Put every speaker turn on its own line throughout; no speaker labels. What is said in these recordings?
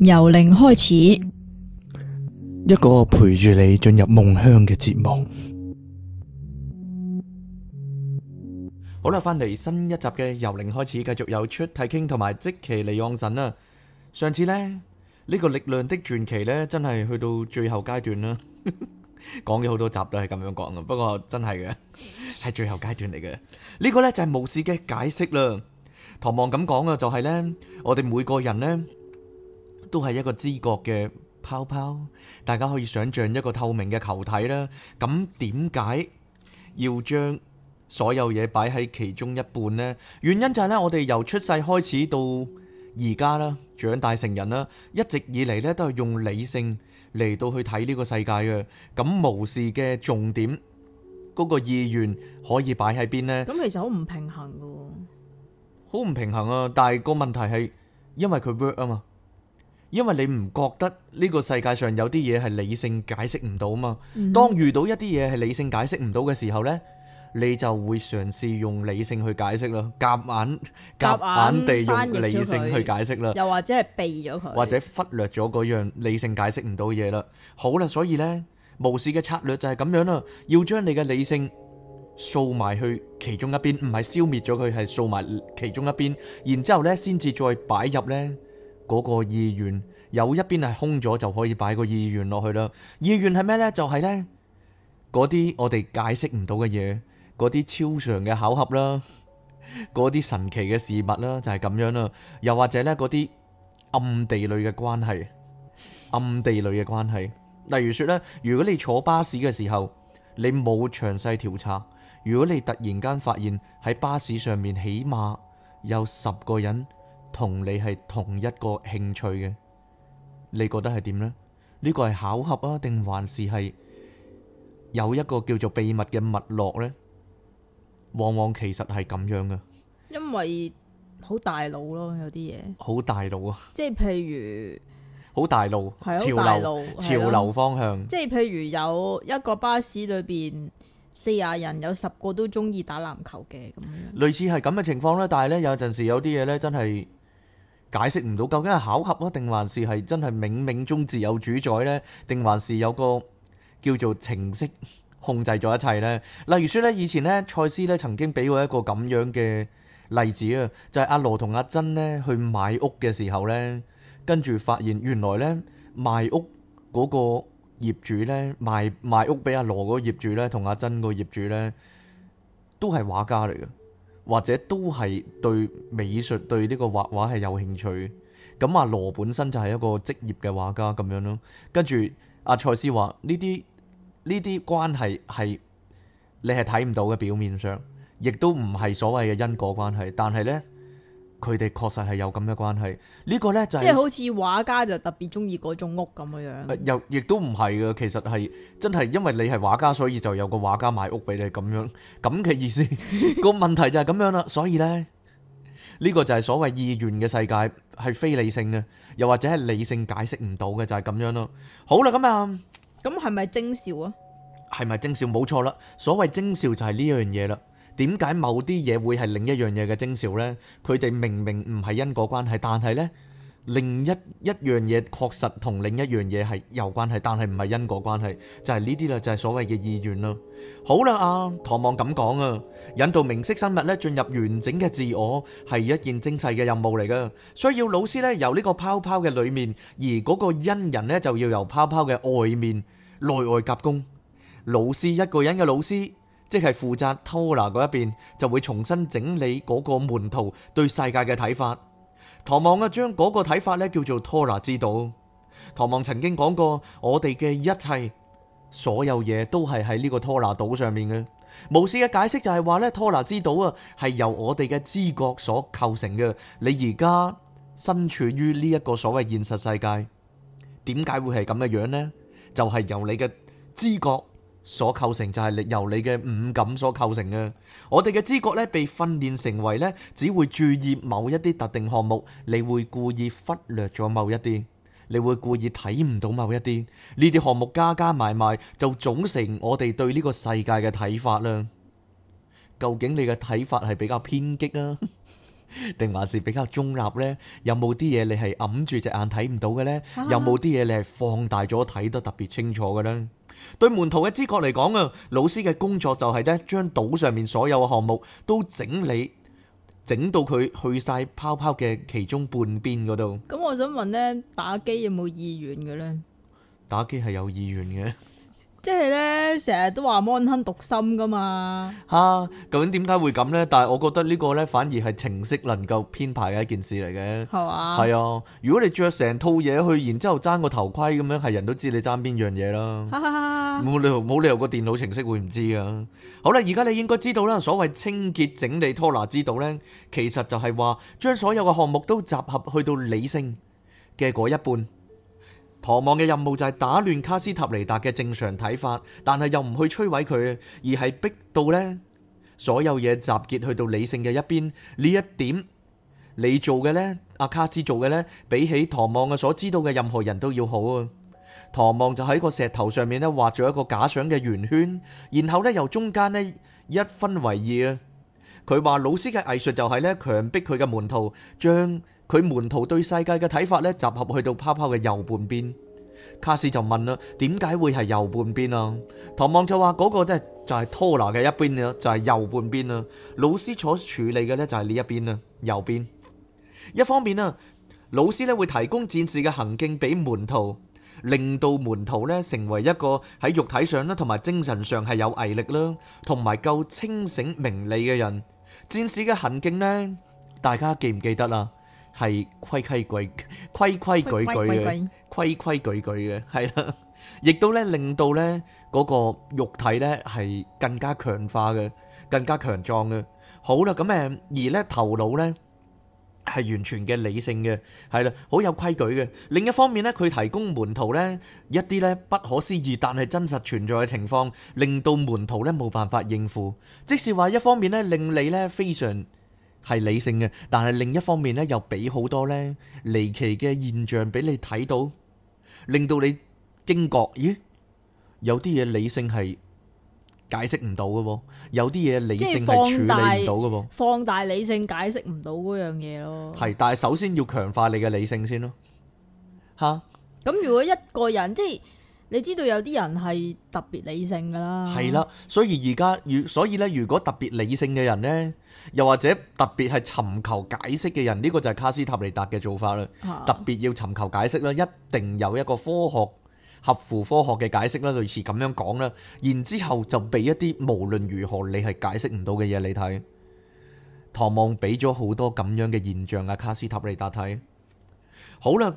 由零開始，
一個陪住你進入夢鄉嘅節目。好啦，翻嚟新一集嘅由零開始，繼續有出題傾同埋即其嚟養神啦。上次呢呢個力量的傳奇呢，真係去到最後階段啦。講咗好多集都係咁樣講噶，不過真係嘅係最後階段嚟嘅。呢個呢就係無事嘅解釋啦。唐望咁講啊，就係呢我哋每個人呢。都係一個知覺嘅泡泡，大家可以想象一個透明嘅球體啦。咁點解要將所有嘢擺喺其中一半呢？原因就係咧，我哋由出世開始到而家啦，長大成人啦，一直以嚟咧都係用理性嚟到去睇呢個世界嘅。咁巫士嘅重點嗰個意願可以擺喺邊呢？咁
其實好唔平衡嘅，
好唔平衡啊！但係個問題係因為佢 work 啊嘛。因為你唔覺得呢個世界上有啲嘢係理性解釋唔到嘛？當遇到一啲嘢係理性解釋唔到嘅時候呢，你就會嘗試用理性去解釋啦，夾硬夾硬地用理性去解釋啦，又
或者係避咗佢，或
者忽略咗嗰樣理性解釋唔到嘢啦。好啦，所以呢，無視嘅策略就係咁樣啦，要將你嘅理性掃埋去其中一邊，唔係消滅咗佢，係掃埋其中一邊，然之後呢，先至再擺入呢。嗰個意願有一邊係空咗就可以擺個意願落去啦。意願係咩呢？就係呢嗰啲我哋解釋唔到嘅嘢，嗰啲超常嘅巧合啦，嗰啲神奇嘅事物啦，就係咁樣啦。又或者呢，嗰啲暗地裏嘅關係，暗地裏嘅關係。例如說呢：如果你坐巴士嘅時候，你冇詳細調查，如果你突然間發現喺巴士上面，起碼有十個人，同你係同一個興趣嘅，你覺得係點呢？呢個係巧合啊，定還是係有一個叫做秘密嘅脈絡呢？往往其實係咁樣噶，
因為好大路咯，有啲嘢
好大路啊，
即係譬如
好大路，的潮流大路，潮流方向，即
係譬如有一個巴士裏邊四十人，有十個都中意打籃球嘅咁
類似係咁嘅情況啦。但係呢，有陣時有啲嘢呢，真係。解釋唔到究竟係巧合啊，定還是係真係冥冥中自有主宰咧？定還是有個叫做程式控制咗一切咧？例如説咧，以前咧，賽斯咧曾經俾過一個咁樣嘅例子啊，就係阿羅同阿珍咧去買屋嘅時候咧，跟住發現原來咧賣屋嗰個業主咧賣賣屋俾阿羅嗰個業主咧，同阿珍個業主咧都係畫家嚟嘅。或者都係對美術對呢個畫畫係有興趣，咁阿羅本身就係一個職業嘅畫家咁樣咯。跟住阿蔡思話：呢啲呢啲關係係你係睇唔到嘅，表面上，亦都唔係所謂嘅因果關係，但係咧。佢哋確實係有咁嘅關係，呢個呢就係即係好
似畫家就特別中意嗰種屋咁樣樣。
又亦都唔係噶，其實係真係因為你係畫家，所以就有個畫家買屋俾你咁樣咁嘅意思。個問題就係咁樣啦，所以呢呢個就係所謂意願嘅世界係非理性嘅，又或者係理性解釋唔到嘅就係咁樣咯。好啦，咁啊，
咁係咪徵兆
啊？係咪徵兆？冇錯啦，所謂徵兆就係呢樣嘢啦。點解某啲嘢會係另一樣嘢嘅徵兆咧？佢哋明明唔係因果關係，但係咧另一一樣嘢確實同另一樣嘢係有關係，但係唔係因果關係，就係呢啲啦，就係所謂嘅意願咯。好啦啊，唐望咁講啊，引導明晰生物咧進入完整嘅自我係一件精細嘅任務嚟㗎，需要老師咧由呢個泡泡嘅裏面，而嗰個恩人咧就要由泡泡嘅外面內外夾攻。老師一個人嘅老師。即係負責托拿嗰一邊，就會重新整理嗰個門徒對世界嘅睇法。唐望啊，將嗰個睇法咧叫做托拿之島。唐望曾經講過，我哋嘅一切所有嘢都係喺呢個托拿島上面嘅。巫士嘅解釋就係話咧，托拿之島啊係由我哋嘅知覺所構成嘅。你而家身處於呢一個所謂現實世界，點解會係咁嘅樣呢？就係、是、由你嘅知覺。所構成就係由你嘅五感所構成嘅。我哋嘅知覺咧被訓練成為咧，只會注意某一啲特定項目，你會故意忽略咗某一啲，你會故意睇唔到某一啲。呢啲項目加加埋埋就總成我哋對呢個世界嘅睇法啦。究竟你嘅睇法係比較偏激啊，定 還是比較中立呢？有冇啲嘢你係揞住隻眼睇唔到嘅呢？啊、有冇啲嘢你係放大咗睇得特別清楚嘅呢？對門徒嘅知覺嚟講啊，老師嘅工作就係咧，將島上面所有嘅項目都整理，整到佢去晒泡泡嘅其中半邊嗰度。
咁我想問呢，打機有冇意願嘅呢？
打機係有意願嘅。
即係咧，成日都話摩登讀心噶嘛
吓，究竟點解會咁呢？但係我覺得呢個呢，反而係程式能夠編排嘅一件事嚟嘅，係吧啊，如果你着成套嘢去，然之後爭個頭盔咁樣，係人都知你爭邊樣嘢啦。
冇
理由，冇理由個電腦程式會唔知噶。好啦，而家你應該知道啦，所謂清潔整理拖拿之道呢，其實就係話將所有嘅項目都集合去到理性嘅嗰一半。唐望嘅任務就係打亂卡斯塔尼達嘅正常睇法，但係又唔去摧毀佢，而係逼到呢所有嘢集結去到理性嘅一邊。呢一點你做嘅呢，阿卡斯做嘅呢，比起唐望嘅所知道嘅任何人都要好啊！唐望就喺個石頭上面呢畫咗一個假想嘅圓圈，然後呢由中間呢一分為二啊！佢話老師嘅藝術就係呢強迫佢嘅門徒將。佢門徒對世界嘅睇法咧，集合去到泡泡嘅右半邊。卡斯就問啦：點解會係右半邊啊？唐望就話：嗰個都係就係拖拿嘅一邊咯，就係右半邊啦。老師所處理嘅咧就係呢一邊啦，右邊。一方面啦，老師咧會提供戰士嘅行徑俾門徒，令到門徒咧成為一個喺肉體上啦同埋精神上係有毅力啦，同埋夠清醒明理嘅人。戰士嘅行徑呢，大家記唔記得啦？係規規矩規規矩矩嘅，規規矩矩嘅，係啦，亦都咧令到咧嗰個肉體咧係更加強化嘅，更加強壯嘅。好啦，咁誒而咧頭腦咧係完全嘅理性嘅，係啦，好有規矩嘅。另一方面咧，佢提供門徒咧一啲咧不可思議但係真實存在嘅情況，令到門徒咧冇辦法應付。即是話一方面咧令你咧非常。係理性嘅，但係另一方面咧，又俾好多咧離奇嘅現象俾你睇到，令到你驚覺，咦？有啲嘢理性係解釋唔到嘅噃，有啲嘢理性係處理唔到嘅噃，
放大理性解釋唔到嗰樣嘢咯。係，
但係首先要強化你嘅理性先咯，吓。
咁如果一個人，即係。你知道有啲人係特別理性噶啦，係啦，
所以而家，所以咧，如果特別理性嘅人呢，又或者特別係尋求解釋嘅人，呢個就係卡斯塔利達嘅做法啦，特別要尋求解釋啦，一定有一個科學合乎科學嘅解釋啦，類似咁樣講啦，然之後就俾一啲無論如何你係解釋唔到嘅嘢你睇，唐望俾咗好多咁樣嘅現象啊，卡斯塔利達睇，好啦。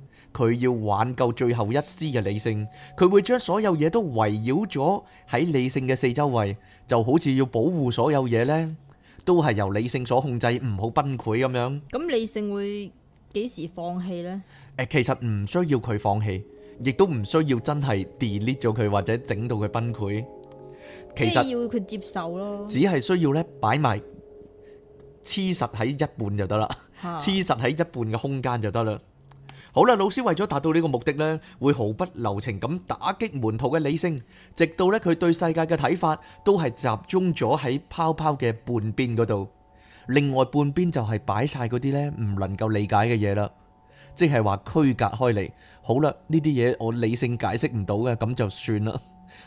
佢要挽救最後一絲嘅理性，佢會將所有嘢都圍繞咗喺理性嘅四周圍，就好似要保護所有嘢呢，都係由理性所控制，唔好崩潰咁樣。
咁理性會幾時放棄呢？
誒，其實唔需要佢放棄，亦都唔需要真係 delete 咗佢或者整到佢崩潰。其實要
佢接受咯，只
係需要咧擺埋黐實喺一半就得啦，黐實喺一半嘅空間就得啦。好啦，老師為咗達到呢個目的呢，會毫不留情咁打擊門徒嘅理性，直到呢佢對世界嘅睇法都係集中咗喺泡泡嘅半邊嗰度，另外半邊就係擺晒嗰啲呢唔能夠理解嘅嘢啦，即係話區隔開嚟。好啦，呢啲嘢我理性解釋唔到嘅，咁就算啦，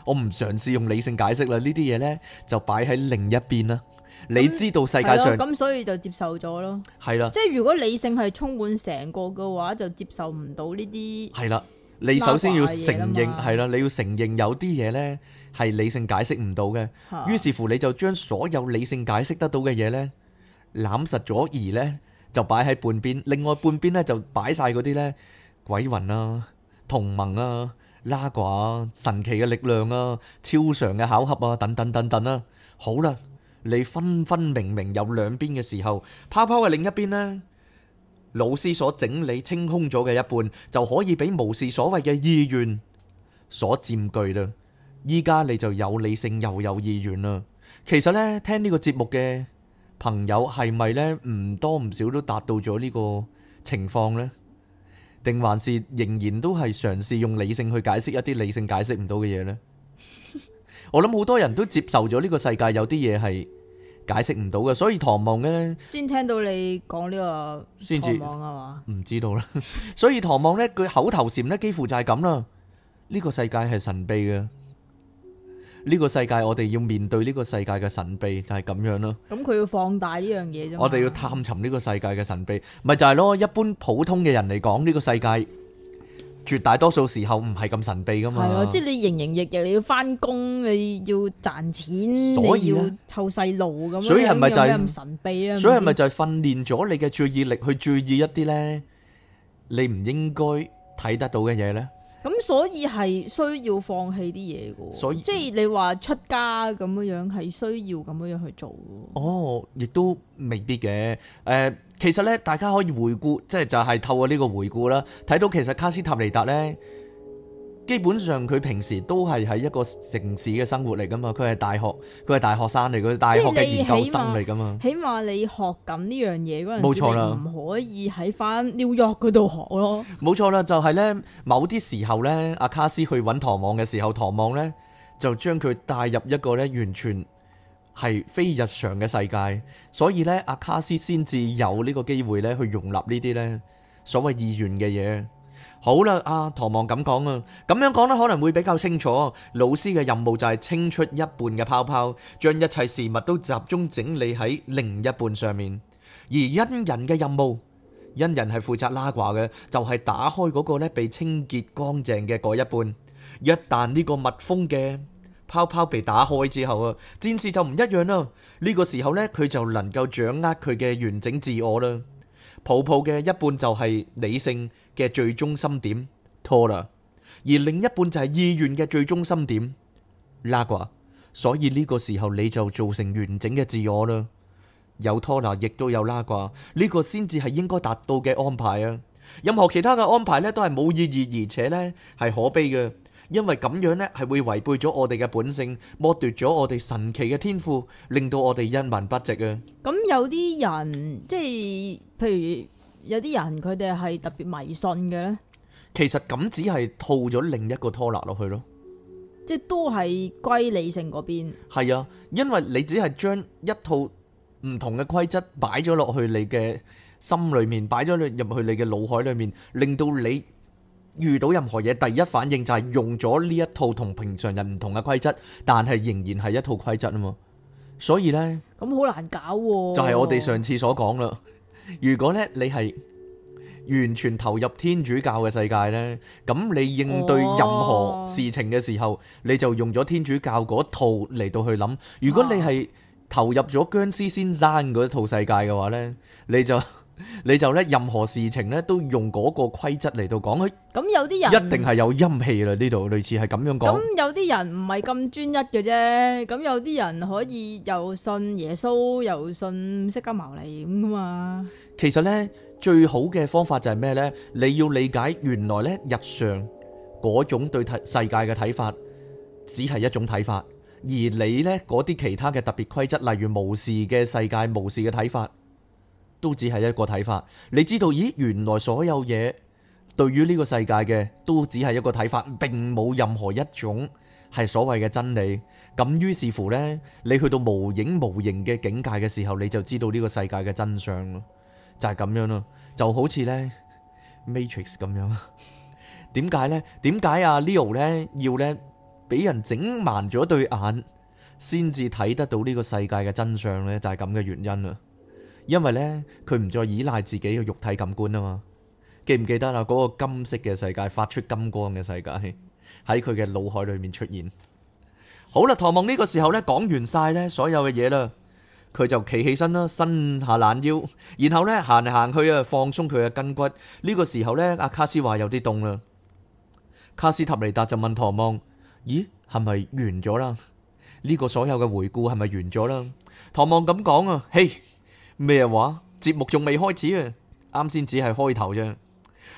我唔嘗試用理性解釋啦，呢啲嘢呢就擺喺另一邊啦。那你知道世界上咁，了
所以就接受咗咯。係啦了，即係如果理性係充滿成個嘅話，就接受唔到呢啲。
係啦，你首先要承認係啦，你要承認有啲嘢呢係理性解釋唔到嘅。於是的是乎，你就將所有理性解釋得到嘅嘢呢攬實咗，而呢就擺喺半邊，另外半邊呢，就擺晒嗰啲呢鬼魂啊、同盟啊、拉寡啊、神奇嘅力量啊、超常嘅巧合啊等等等等啦，啊。好啦。你分分明明有兩邊嘅時候，泡泡嘅另一邊呢，老師所整理清空咗嘅一半，就可以俾無視所謂嘅意願所佔據啦。依家你就有理性又有意願啦。其實呢，聽呢個節目嘅朋友係咪呢唔多唔少都達到咗呢個情況呢？定還是仍然都係嘗試用理性去解釋一啲理性解釋唔到嘅嘢呢？我諗好多人都接受咗呢個世界有啲嘢係解釋唔到嘅，所以唐望咧，
先聽到你講呢個，先至
唔知道啦。 所以唐望呢，佢口頭禪呢幾乎就係咁啦。呢個世界係神秘嘅，呢個世界我哋要面對呢個世界嘅神秘就係咁樣咯。
咁佢要放大呢樣嘢啫。我哋要探
尋呢個世界嘅神秘，咪 就係咯。一般普通嘅人嚟講，呢個世界。絕大多數時候唔係咁神秘噶嘛，係咯，即係你
營營役役你要翻工，你要賺錢，你要湊細路咁樣，所以係咪就係咁神秘啊？所以係咪就
係訓練咗你嘅注意力去注意一啲咧，你唔應該睇得到嘅嘢咧？
咁所以係需要放棄啲嘢噶，所以即係你話出家咁樣樣係需要咁樣樣去做咯。
哦，亦都未必嘅，誒。其實咧，大家可以回顧，即係就係、是、透過呢個回顧啦，睇到其實卡斯塔尼達咧，基本上佢平時都係喺一個城市嘅生活嚟噶嘛，佢係大學，佢係大，大學生嚟，佢大學嘅研究生嚟噶嘛，起
碼的你學緊呢樣嘢嗰陣，冇錯啦，唔可以喺翻紐約嗰度學咯，
冇錯啦，就係咧，某啲時候咧，阿卡斯去搵唐望嘅時候，唐望咧就將佢帶入一個咧完全。係非日常嘅世界，所以呢，阿卡斯先至有呢個機會咧去容納呢啲呢所謂意願嘅嘢。好啦，阿唐望咁講啊，咁樣講呢可能會比較清楚。老師嘅任務就係清出一半嘅泡泡，將一切事物都集中整理喺另一半上面。而恩人嘅任務，恩人係負責拉掛嘅，就係打開嗰個呢被清潔乾淨嘅嗰一半。一旦呢個密封嘅。泡泡被打開之後啊，戰士就唔一樣啦。呢、這個時候呢，佢就能夠掌握佢嘅完整自我啦。泡泡嘅一半就係理性嘅最中心點，拖啦；而另一半就係意願嘅最中心點，拉掛。所以呢個時候你就做成完整嘅自我啦。有拖啦，亦都有拉掛，呢、這個先至係應該達到嘅安排啊。任何其他嘅安排呢，都係冇意義，而且呢，係可悲嘅。因為咁樣呢，係會違背咗我哋嘅本性，剝奪咗我哋神奇嘅天賦，令到我哋一文不值啊！
咁有啲人即係，譬如有啲人佢哋係特別迷信嘅呢，
其實咁只係套咗另一個拖拿落去咯，
即係都係歸理性嗰邊。
係啊，因為你只係將一套唔同嘅規則擺咗落去你嘅心裏面，擺咗入去你嘅腦海裏面，令到你。遇到任何嘢，第一反應就係用咗呢一套同平常人唔同嘅規則，但係仍然係一套規則啊嘛。所以咧，
咁好難搞喎。就係我哋上
次所講啦。如果咧你係完全投入天主教嘅世界咧，咁你應對任何事情嘅時候，你就用咗天主教嗰一套嚟到去諗。如果你係投入咗殭屍先生嗰套世界嘅話咧，你就～你就咧，任何事情咧，都用嗰個規則嚟到講。
咁有啲人一定係
有陰氣啦，呢度類似係咁樣講。咁
有啲人唔係咁專一嘅啫。咁有啲人可以又信耶穌，又信釋迦牟尼咁噶嘛？
其實咧，最好嘅方法就係咩咧？你要理解原來咧，日常嗰種對睇世界嘅睇法，只係一種睇法。而你咧嗰啲其他嘅特別規則，例如無視嘅世界、無視嘅睇法，都只係一個睇法，你知道？咦，原來所有嘢對於呢個世界嘅都只係一個睇法，並冇任何一種係所謂嘅真理。咁於是乎呢，你去到無影無形嘅境界嘅時候，你就知道呢個世界嘅真相咯，就係咁樣咯，就好似呢 Matrix 咁樣。點解呢？點解阿 Leo 呢要呢俾人整盲咗對眼，先至睇得到呢個世界嘅真相呢？就係咁嘅原因啦。因為咧，佢唔再依賴自己嘅肉體感官啊嘛，記唔記得啦？嗰個金色嘅世界，發出金光嘅世界喺佢嘅腦海裏面出現。好啦，唐望呢個時候咧講完晒咧所有嘅嘢啦，佢就企起身啦，伸下懶腰，然後咧行嚟行去啊，放鬆佢嘅筋骨。呢個時候咧，阿卡斯話有啲凍啦。卡斯塔尼達就問唐望：「咦，係咪完咗啦？呢個所有嘅回顧係咪完咗啦？唐望咁講啊，嘿。咩話？節目仲未開始啊！啱先只係開頭啫。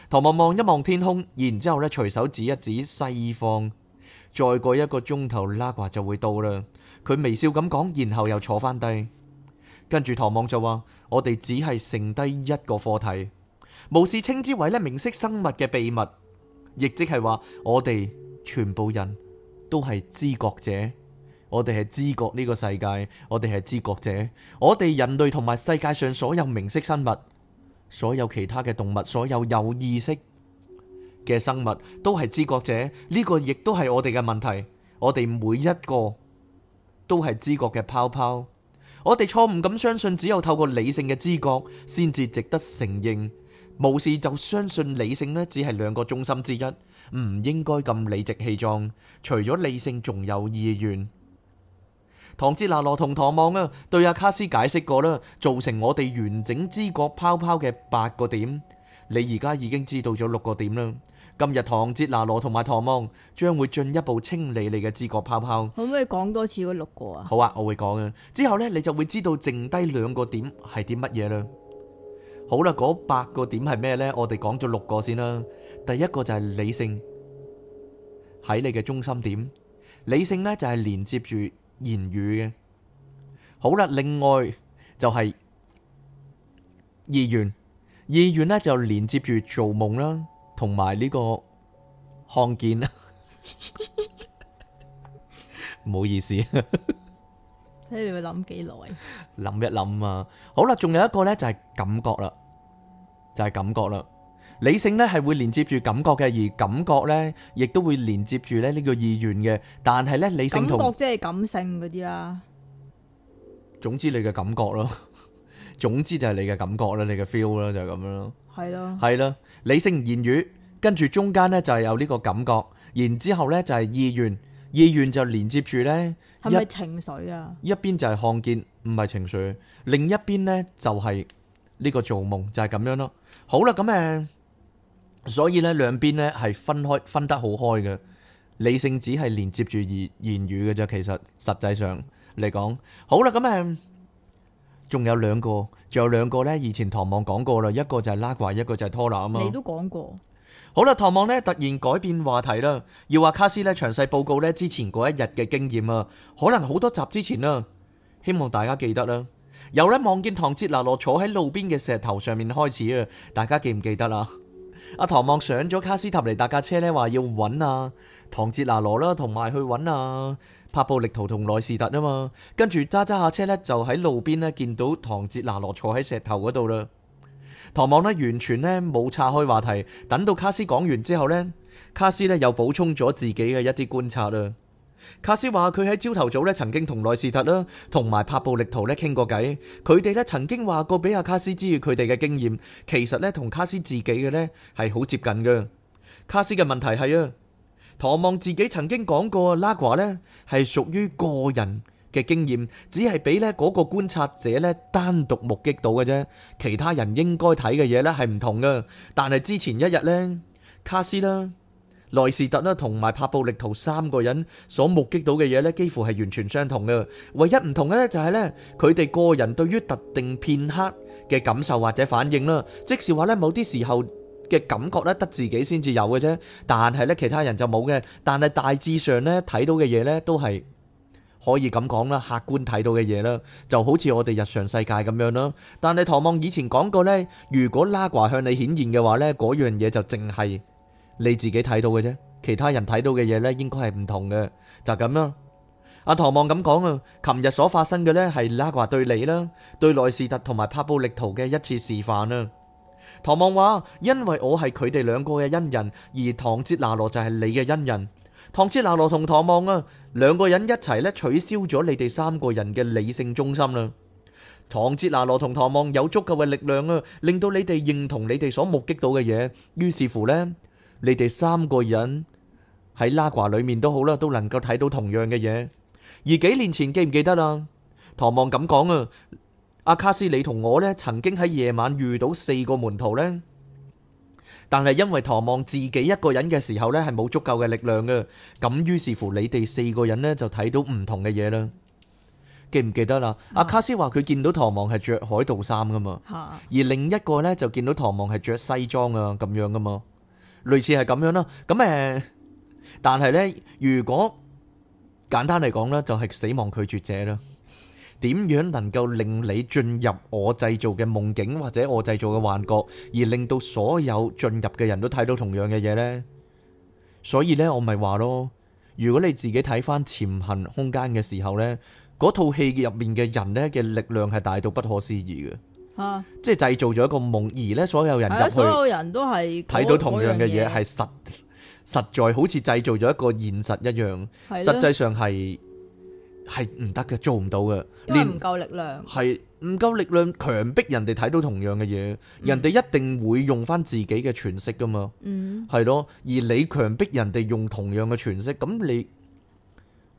唐望望一望天空，然之後咧，隨手指一指西方。再過一個鐘頭，拉呱就會到啦。佢微笑咁講，然後又坐翻低。跟住唐望就話：我哋只係剩低一個課題，巫士稱之為咧明晰生物嘅秘密，亦即係話我哋全部人都係知覺者。我哋係知覺呢個世界，我哋係知覺者。我哋人類同埋世界上所有明識生物，所有其他嘅動物，所有有意識嘅生物都係知覺者。呢個亦都係我哋嘅問題。我哋每一個都係知覺嘅泡泡。我哋錯誤咁相信只有透過理性嘅知覺先至值得承認，無視就相信理性呢，只係兩個中心之一，唔應該咁理直氣壯。除咗理性，仲有意願。唐哲拿羅同唐望啊，對阿卡斯解釋過啦，造成我哋完整知覺泡泡嘅八個點，你而家已經知道咗六個點啦。今日唐哲拿羅同埋唐望將會進一步清理你嘅知覺泡泡。
可唔可以講多次嗰六個啊？
好啊，我會講啊。之後呢，你就會知道剩低兩個點係啲乜嘢啦。好啦，啊，嗰八個點係咩呢？我哋講咗六個先啦。第一個就係理性，喺你嘅中心點，理性呢，就係連接住。言語嘅，好啦，另外就係意願，意願呢就連接住做夢啦，同埋呢個看見啊，唔好意思。
睇你會諗幾耐？
諗一諗啊，好啦，仲有一個呢就係感覺啦，就係感覺啦。理性咧係會連接住感覺嘅，而感覺咧亦都會連接住咧呢個意願嘅。但係咧理性同感
覺即係感性嗰啲啦。
總之你嘅感覺咯，總之就係你嘅感覺啦，你嘅 feel 啦就係咁樣咯。係咯的，係咯，理性言語跟住中間咧就係有呢個感覺，然之後咧就係意願，意願就連接住咧
係咪情緒啊？
一邊就係看見唔係情緒，另一邊咧就係呢個做夢就係、是、咁樣咯。好啦，咁誒。所以咧，兩邊咧係分開分得好開嘅。理性只係連接住言言語嘅啫。其實實際上嚟講，好啦，咁啊，仲有兩個，仲有兩個呢。以前唐望講過啦，一個就係拉瓜，一個就係拖拉啊嘛。你都講過好啦。唐望呢，突然改變話題啦，要話卡斯呢詳細報告呢之前嗰一日嘅經驗啊，可能好多集之前啦，希望大家記得啦。又呢，望見唐哲拿羅坐喺路邊嘅石頭上面開始啊，大家記唔記得啦？阿唐望上咗卡斯塔尼達架車呢，話要揾啊唐哲拿羅啦，同埋去揾啊帕布力圖同內士特啊嘛，跟住揸揸下車呢，就喺路邊呢見到唐哲拿羅坐喺石頭嗰度啦。唐望呢完全呢冇岔開話題，等到卡斯講完之後呢，卡斯呢又補充咗自己嘅一啲觀察啦。卡斯話佢喺朝頭早咧，曾經同內斯特啦，同埋帕布力圖咧傾過偈。佢哋咧曾經話過，俾阿卡斯知道佢哋嘅經驗，其實咧同卡斯自己嘅咧係好接近嘅。卡斯嘅問題係啊，唐望自己曾經講過，拉瓜咧係屬於個人嘅經驗，只係俾咧嗰個觀察者咧單獨目擊到嘅啫。其他人應該睇嘅嘢咧係唔同嘅。但係之前一日呢，卡斯啦，萊士特啦，同埋帕布力圖三個人所目擊到嘅嘢咧，幾乎係完全相同嘅。唯一唔同咧，就係咧佢哋個人對於特定片刻嘅感受或者反應啦。即是話咧，某啲時候嘅感覺咧，得自己先至有嘅啫。但係咧，其他人就冇嘅。但係大致上咧，睇到嘅嘢咧，都係可以咁講啦。客觀睇到嘅嘢啦，就好似我哋日常世界咁樣啦。但係唐望以前講過咧，如果拉掛向你顯現嘅話，呢嗰樣嘢就淨係。你自己睇到嘅啫，其他人睇到嘅嘢咧，應該係唔同嘅，就咁咯。阿唐望咁講啊，琴日所發生嘅咧係拉華對你啦，對內士特同埋帕布力圖嘅一次示範啦。唐望話，因為我係佢哋兩個嘅恩人，而唐哲拿羅就係你嘅恩人。唐哲拿羅同唐望啊，兩個人一齊咧取消咗你哋三個人嘅理性中心啦。唐哲拿羅同唐望有足夠嘅力量啊，令到你哋認同你哋所目擊到嘅嘢，於是乎咧。你哋三個人喺拉掛裏面都好啦，都能夠睇到同樣嘅嘢。而幾年前記唔記得啦？唐望咁講啊，阿卡斯你同我呢，曾經喺夜晚遇到四個門徒呢，但係因為唐望自己一個人嘅時候呢，係冇足夠嘅力量嘅。咁於是乎，你哋四個人呢就睇到唔同嘅嘢啦。記唔記得啦？阿卡斯話佢見到唐望係着海盜衫噶嘛，而另一個呢就見到唐望係着西裝啊咁樣噶嘛。類似係咁樣啦，咁誒，但係咧，如果簡單嚟講咧，就係死亡拒絕者啦。點樣能夠令你進入我製造嘅夢境或者我製造嘅幻覺，而令到所有進入嘅人都睇到同樣嘅嘢咧？所以咧，我咪話咯，如果你自己睇返潛行空間嘅時候咧，嗰套戲入面嘅人咧嘅力量係大到不可思議嘅。啊！即係製造咗一個夢，而咧所有人入去，所有
人都係嗰個睇到同樣嘅嘢，係
實實在好似製造咗一個現實一樣。係咯的，實際上係係唔得嘅，做唔到嘅，你唔
夠力量，係
唔夠力量強迫人哋睇到同樣嘅嘢，嗯、人哋一定會用翻自己嘅詮釋噶嘛。嗯，係咯，而你強迫人哋用同樣嘅詮釋，咁你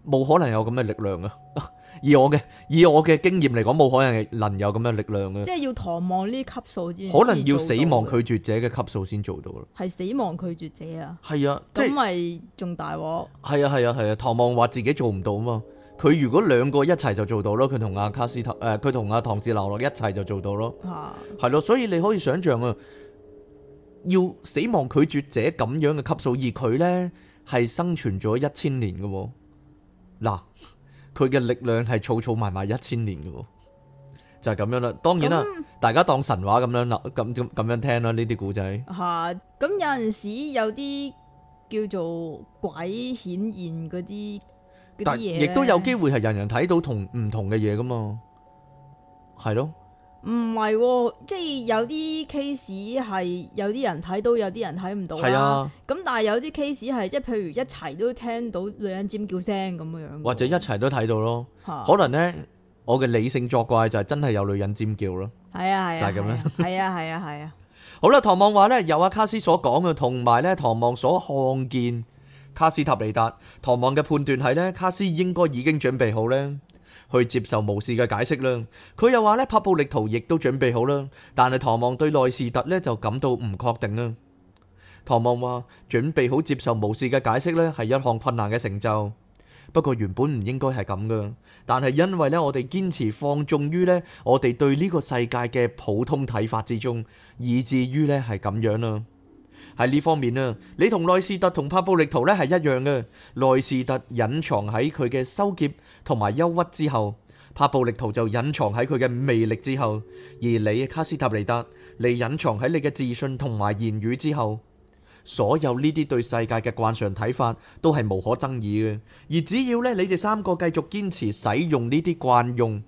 冇可能有咁嘅力量啊！ 而以我嘅以我嘅經驗嚟講，冇可能能有咁嘅力量嘅。即係
要唐望呢級數先，可能要死亡
拒絕者嘅級數先做到咯。
係死亡拒絕者啊！係、就是、啊，咁咪仲大鑊？
係啊係啊係啊！唐、啊啊、望話自己做唔到嘛，佢如果兩個一齊就做到咯，佢同阿卡斯特誒，佢同阿唐志流落一齊就做到咯。係咯、啊啊，所以你可以想象啊，要死亡拒絕者咁樣嘅級數，而佢呢係生存咗一千年嘅。嗱。佢嘅力量係儲儲埋埋一千年嘅，就係咁樣啦。當然啦，大家當神話咁樣諗，咁咁咁樣聽啦。呢啲古仔
吓，咁有陣時有啲叫做鬼顯現嗰啲嗰啲嘢，亦都有機
會係人人睇到同唔同嘅嘢噶嘛，係咯。
唔係，即係有啲 case 係有啲人睇到，有啲人睇唔到啊，咁的但係有啲 case 係，即係譬如一齊都聽到女人尖叫聲咁樣樣，
或者一齊都睇到咯。的可能呢，的我嘅理性作怪就係真係有女人尖叫咯。係
啊係啊，就係咁樣。係啊係啊係啊。
好啦，唐望話呢，由阿卡斯所講嘅，同埋呢唐望所看見，卡斯塔尼達，唐望嘅判斷係呢，卡斯應該已經準備好呢。去接受巫士嘅解釋啦，佢又話咧拍暴力圖亦都準備好啦，但係唐望對內士特咧就感到唔確定啦。唐望話準備好接受巫士嘅解釋咧係一項困難嘅成就，不過原本唔應該係咁噶，但係因為咧我哋堅持放縱於咧我哋對呢個世界嘅普通睇法之中，以至於咧係咁樣啦。喺呢方面啦，你同內士特同帕布力圖咧係一樣嘅。內士特隱藏喺佢嘅羞怯同埋憂鬱之後，帕布力圖就隱藏喺佢嘅魅力之後，而你卡斯塔尼達，你隱藏喺你嘅自信同埋言語之後。所有呢啲對世界嘅慣常睇法都係無可爭議嘅，而只要咧你哋三個繼續堅持使用呢啲慣用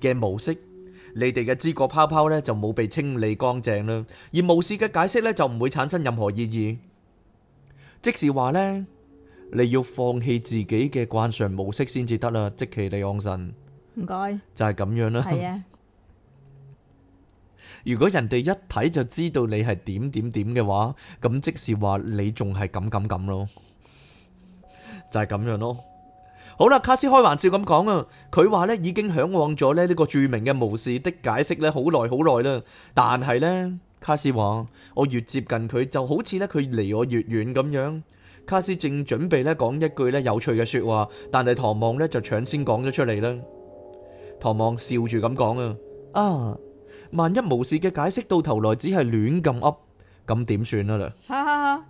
嘅模式。你哋嘅知覺泡泡呢就冇被清理乾淨啦，而無視嘅解釋呢就唔會產生任何意義。即是話呢，你要放棄自己嘅慣常模式先至得啦。即其你安神，唔該，就係咁樣啦。係啊，如果人哋一睇就知道你係點點點嘅話，咁即是話你仲係咁咁咁咯，就係咁樣咯。好啦，卡斯開玩笑咁講啊，佢話呢已經向往咗呢呢個著名嘅巫士的解釋呢好耐好耐啦，但係呢，卡斯話我越接近佢就好似呢，佢離我越遠咁樣。卡斯正準備呢講一句呢有趣嘅說話，但係唐望呢就搶先講咗出嚟啦。唐望笑住咁講啊，啊萬一巫士嘅解釋到頭來只係亂咁噏，咁點算啊啦？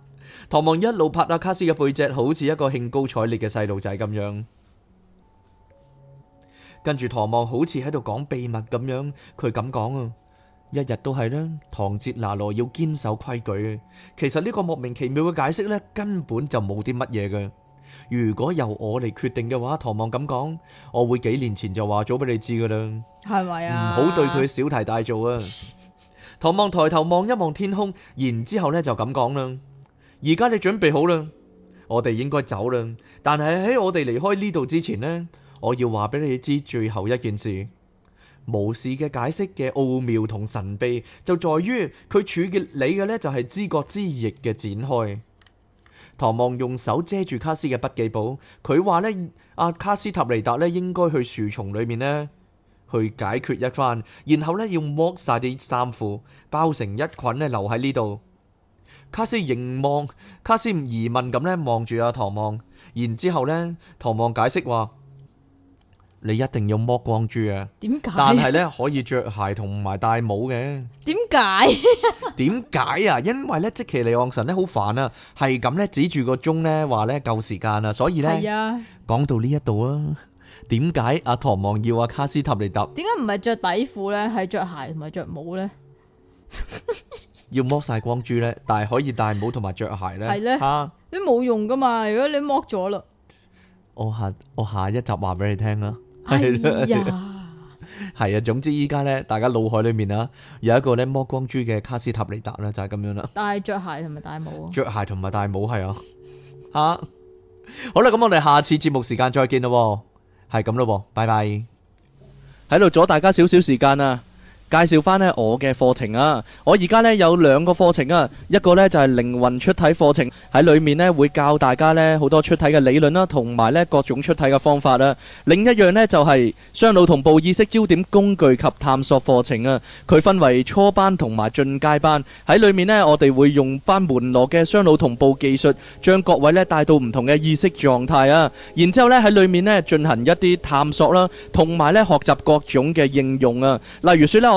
唐 望一路拍阿卡斯嘅背脊，好似一個興高采烈嘅細路仔咁樣。跟住唐望好似喺度講秘密咁樣，佢咁講啊，一日都係啦。唐哲拿羅要堅守規矩。其實呢個莫名其妙嘅解釋咧，根本就冇啲乜嘢嘅。如果由我嚟決定嘅話，唐望咁講，我會幾年前就話咗俾你知噶啦，
係咪啊？唔好對佢
小題大做啊！唐望抬頭望一望天空，然之後咧就咁講啦。而家你準備好啦，我哋應該走啦。但係喺我哋離開呢度之前咧。我要話俾你知，最後一件事，巫士嘅解釋嘅奧妙同神秘就在於佢處決你嘅呢，就係知覺之翼嘅展開。唐望用手遮住卡斯嘅筆記簿，佢話呢，阿卡斯塔尼達咧應該去樹叢裏面呢，去解決一番。然後呢，要剝晒啲衫褲包成一捆咧留喺呢度。卡斯凝望，卡斯疑問咁呢，望住阿唐望，然之後咧唐望解釋話。你一定要剝光珠啊！點解？但係咧可以着鞋同埋戴帽嘅？點解？點解啊？因為咧，即奇利昂神咧好煩啊，係咁咧指住個鐘咧話咧夠時間啦，所以咧係啊講到呢一度啊？點解？阿唐望要阿卡斯塔嚟答？
點解唔係着底褲咧？係着鞋同埋着帽咧？
要剝晒光珠咧，但係可以戴帽同埋着鞋咧？係咧
吓，你冇用噶嘛？如果你剝咗啦，
我下我下一集話俾你聽啊！係啊，係啊、哎， 總之依家咧，大家腦海裏面啊，有一個咧魔光珠嘅卡斯塔尼達啦，就係咁樣啦。
但係着鞋同埋戴帽啊？著
鞋同埋戴帽係啊，吓，好啦，咁我哋下次節目時間再見咯，係咁咯，拜拜，喺度阻大家少少時間啊。介紹翻咧我嘅課程啊！我而家咧有兩個課程啊，一個咧就係靈魂出體課程，喺裡面咧會教大家咧好多出體嘅理論啦，同埋咧各種出體嘅方法啦。另一樣咧就係雙腦同步意識焦點工具及探索課程啊。佢分為初班同埋進階班，喺裡面咧我哋會用翻門羅嘅雙腦同步技術，將各位咧帶到唔同嘅意識狀態啊。然之後咧喺裡面咧進行一啲探索啦，同埋咧學習各種嘅應用啊。例如説咧。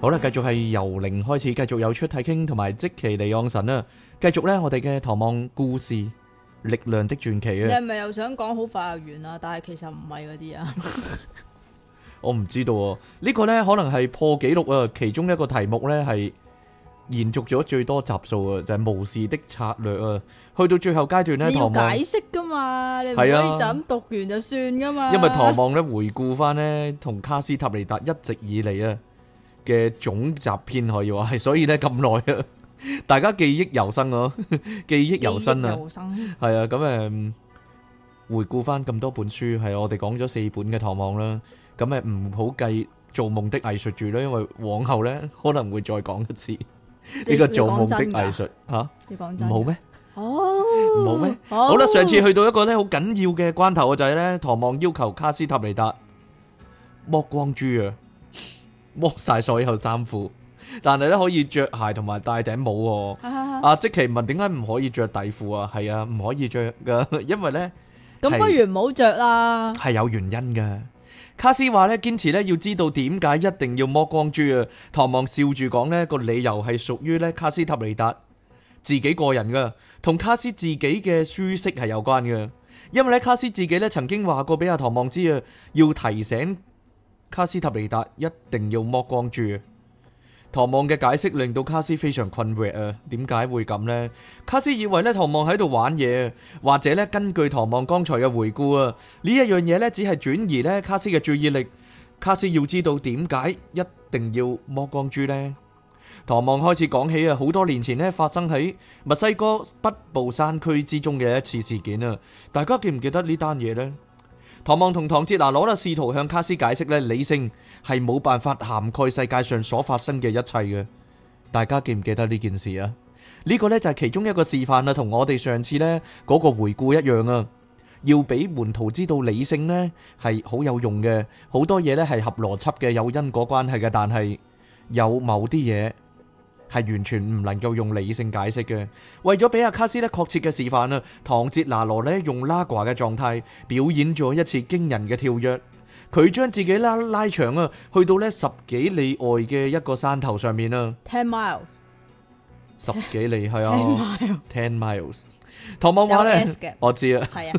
好啦，繼續係由零開始，繼續有出太傾同埋即其利昂神啊！繼續咧，我哋嘅唐望故事，力量的傳奇啊！你係
咪又想講好快又完啊？但係其實唔係嗰啲啊，
我唔知道呢個咧，可能係破紀錄啊！其中一個題目咧係延續咗最多集數啊，就係巫士的策略啊！去到最後階段咧，要解
釋噶嘛？你唔可以就咁讀完就算噶嘛？因為唐
望咧回顧翻咧，同卡斯塔尼達一直以嚟啊。嘅總集篇可以話係，所以咧咁耐啊，大家記憶猶新咯，記憶猶新啊，係啊，咁誒回顧翻咁多本書，係我哋講咗四本嘅《唐望》啦，咁誒唔好計《做夢的藝術》住啦，因為往後咧可能會再講一次呢個《做夢的藝術》吓，你講唔好
咩？哦，唔好咩？好啦，上次去
到一個咧好緊要嘅關頭嘅就係咧，唐望要求卡斯塔尼達剝光珠啊！剝晒所有衫褲，但係咧可以着鞋同埋戴頂帽喎。阿、啊啊、即奇問點解唔可以着底褲啊？係啊，唔可以着噶，因為呢，
咁、嗯、是不如唔好着啦。
係有原因噶。卡斯話呢，堅持呢，要知道點解一定要剝光豬啊。唐望笑住講呢個理由係屬於呢卡斯塔利達自己個人噶，同卡斯自己嘅舒適係有關噶。因為呢卡斯自己呢曾經話過俾阿唐望知啊，要提醒。卡斯特尼達一定要剝光珠。唐望嘅解釋令到卡斯非常困惑啊，點解會咁呢？卡斯以為咧唐望喺度玩嘢，或者咧根據唐望剛才嘅回顧啊，呢一樣嘢咧只係轉移咧卡斯嘅注意力。卡斯要知道點解一定要剝光珠呢？唐望開始講起啊，好多年前呢發生喺墨西哥北部山區之中嘅一次事件啊，大家記唔記得呢單嘢呢？唐望同唐哲拿攞啦，試圖向卡斯解釋咧，理性係冇辦法涵蓋世界上所發生嘅一切嘅。大家記唔記得呢件事啊？呢個呢就係其中一個示範啦，同我哋上次呢嗰個回顧一樣啊。要俾門徒知道理性呢係好有用嘅，好多嘢呢係合邏輯嘅，有因果關係嘅，但係有某啲嘢。係完全唔能夠用理性解釋嘅。為咗俾阿卡斯咧確切嘅示範啦，唐哲拿羅咧用拉掛嘅狀態表演咗一次驚人嘅跳躍。佢將自己啦拉，拉長啊，去到呢十幾里外嘅一個山頭上面啊。
Ten miles，
十幾里係啊。Ten miles，唐某某咧，no, 我知啦道。Yeah.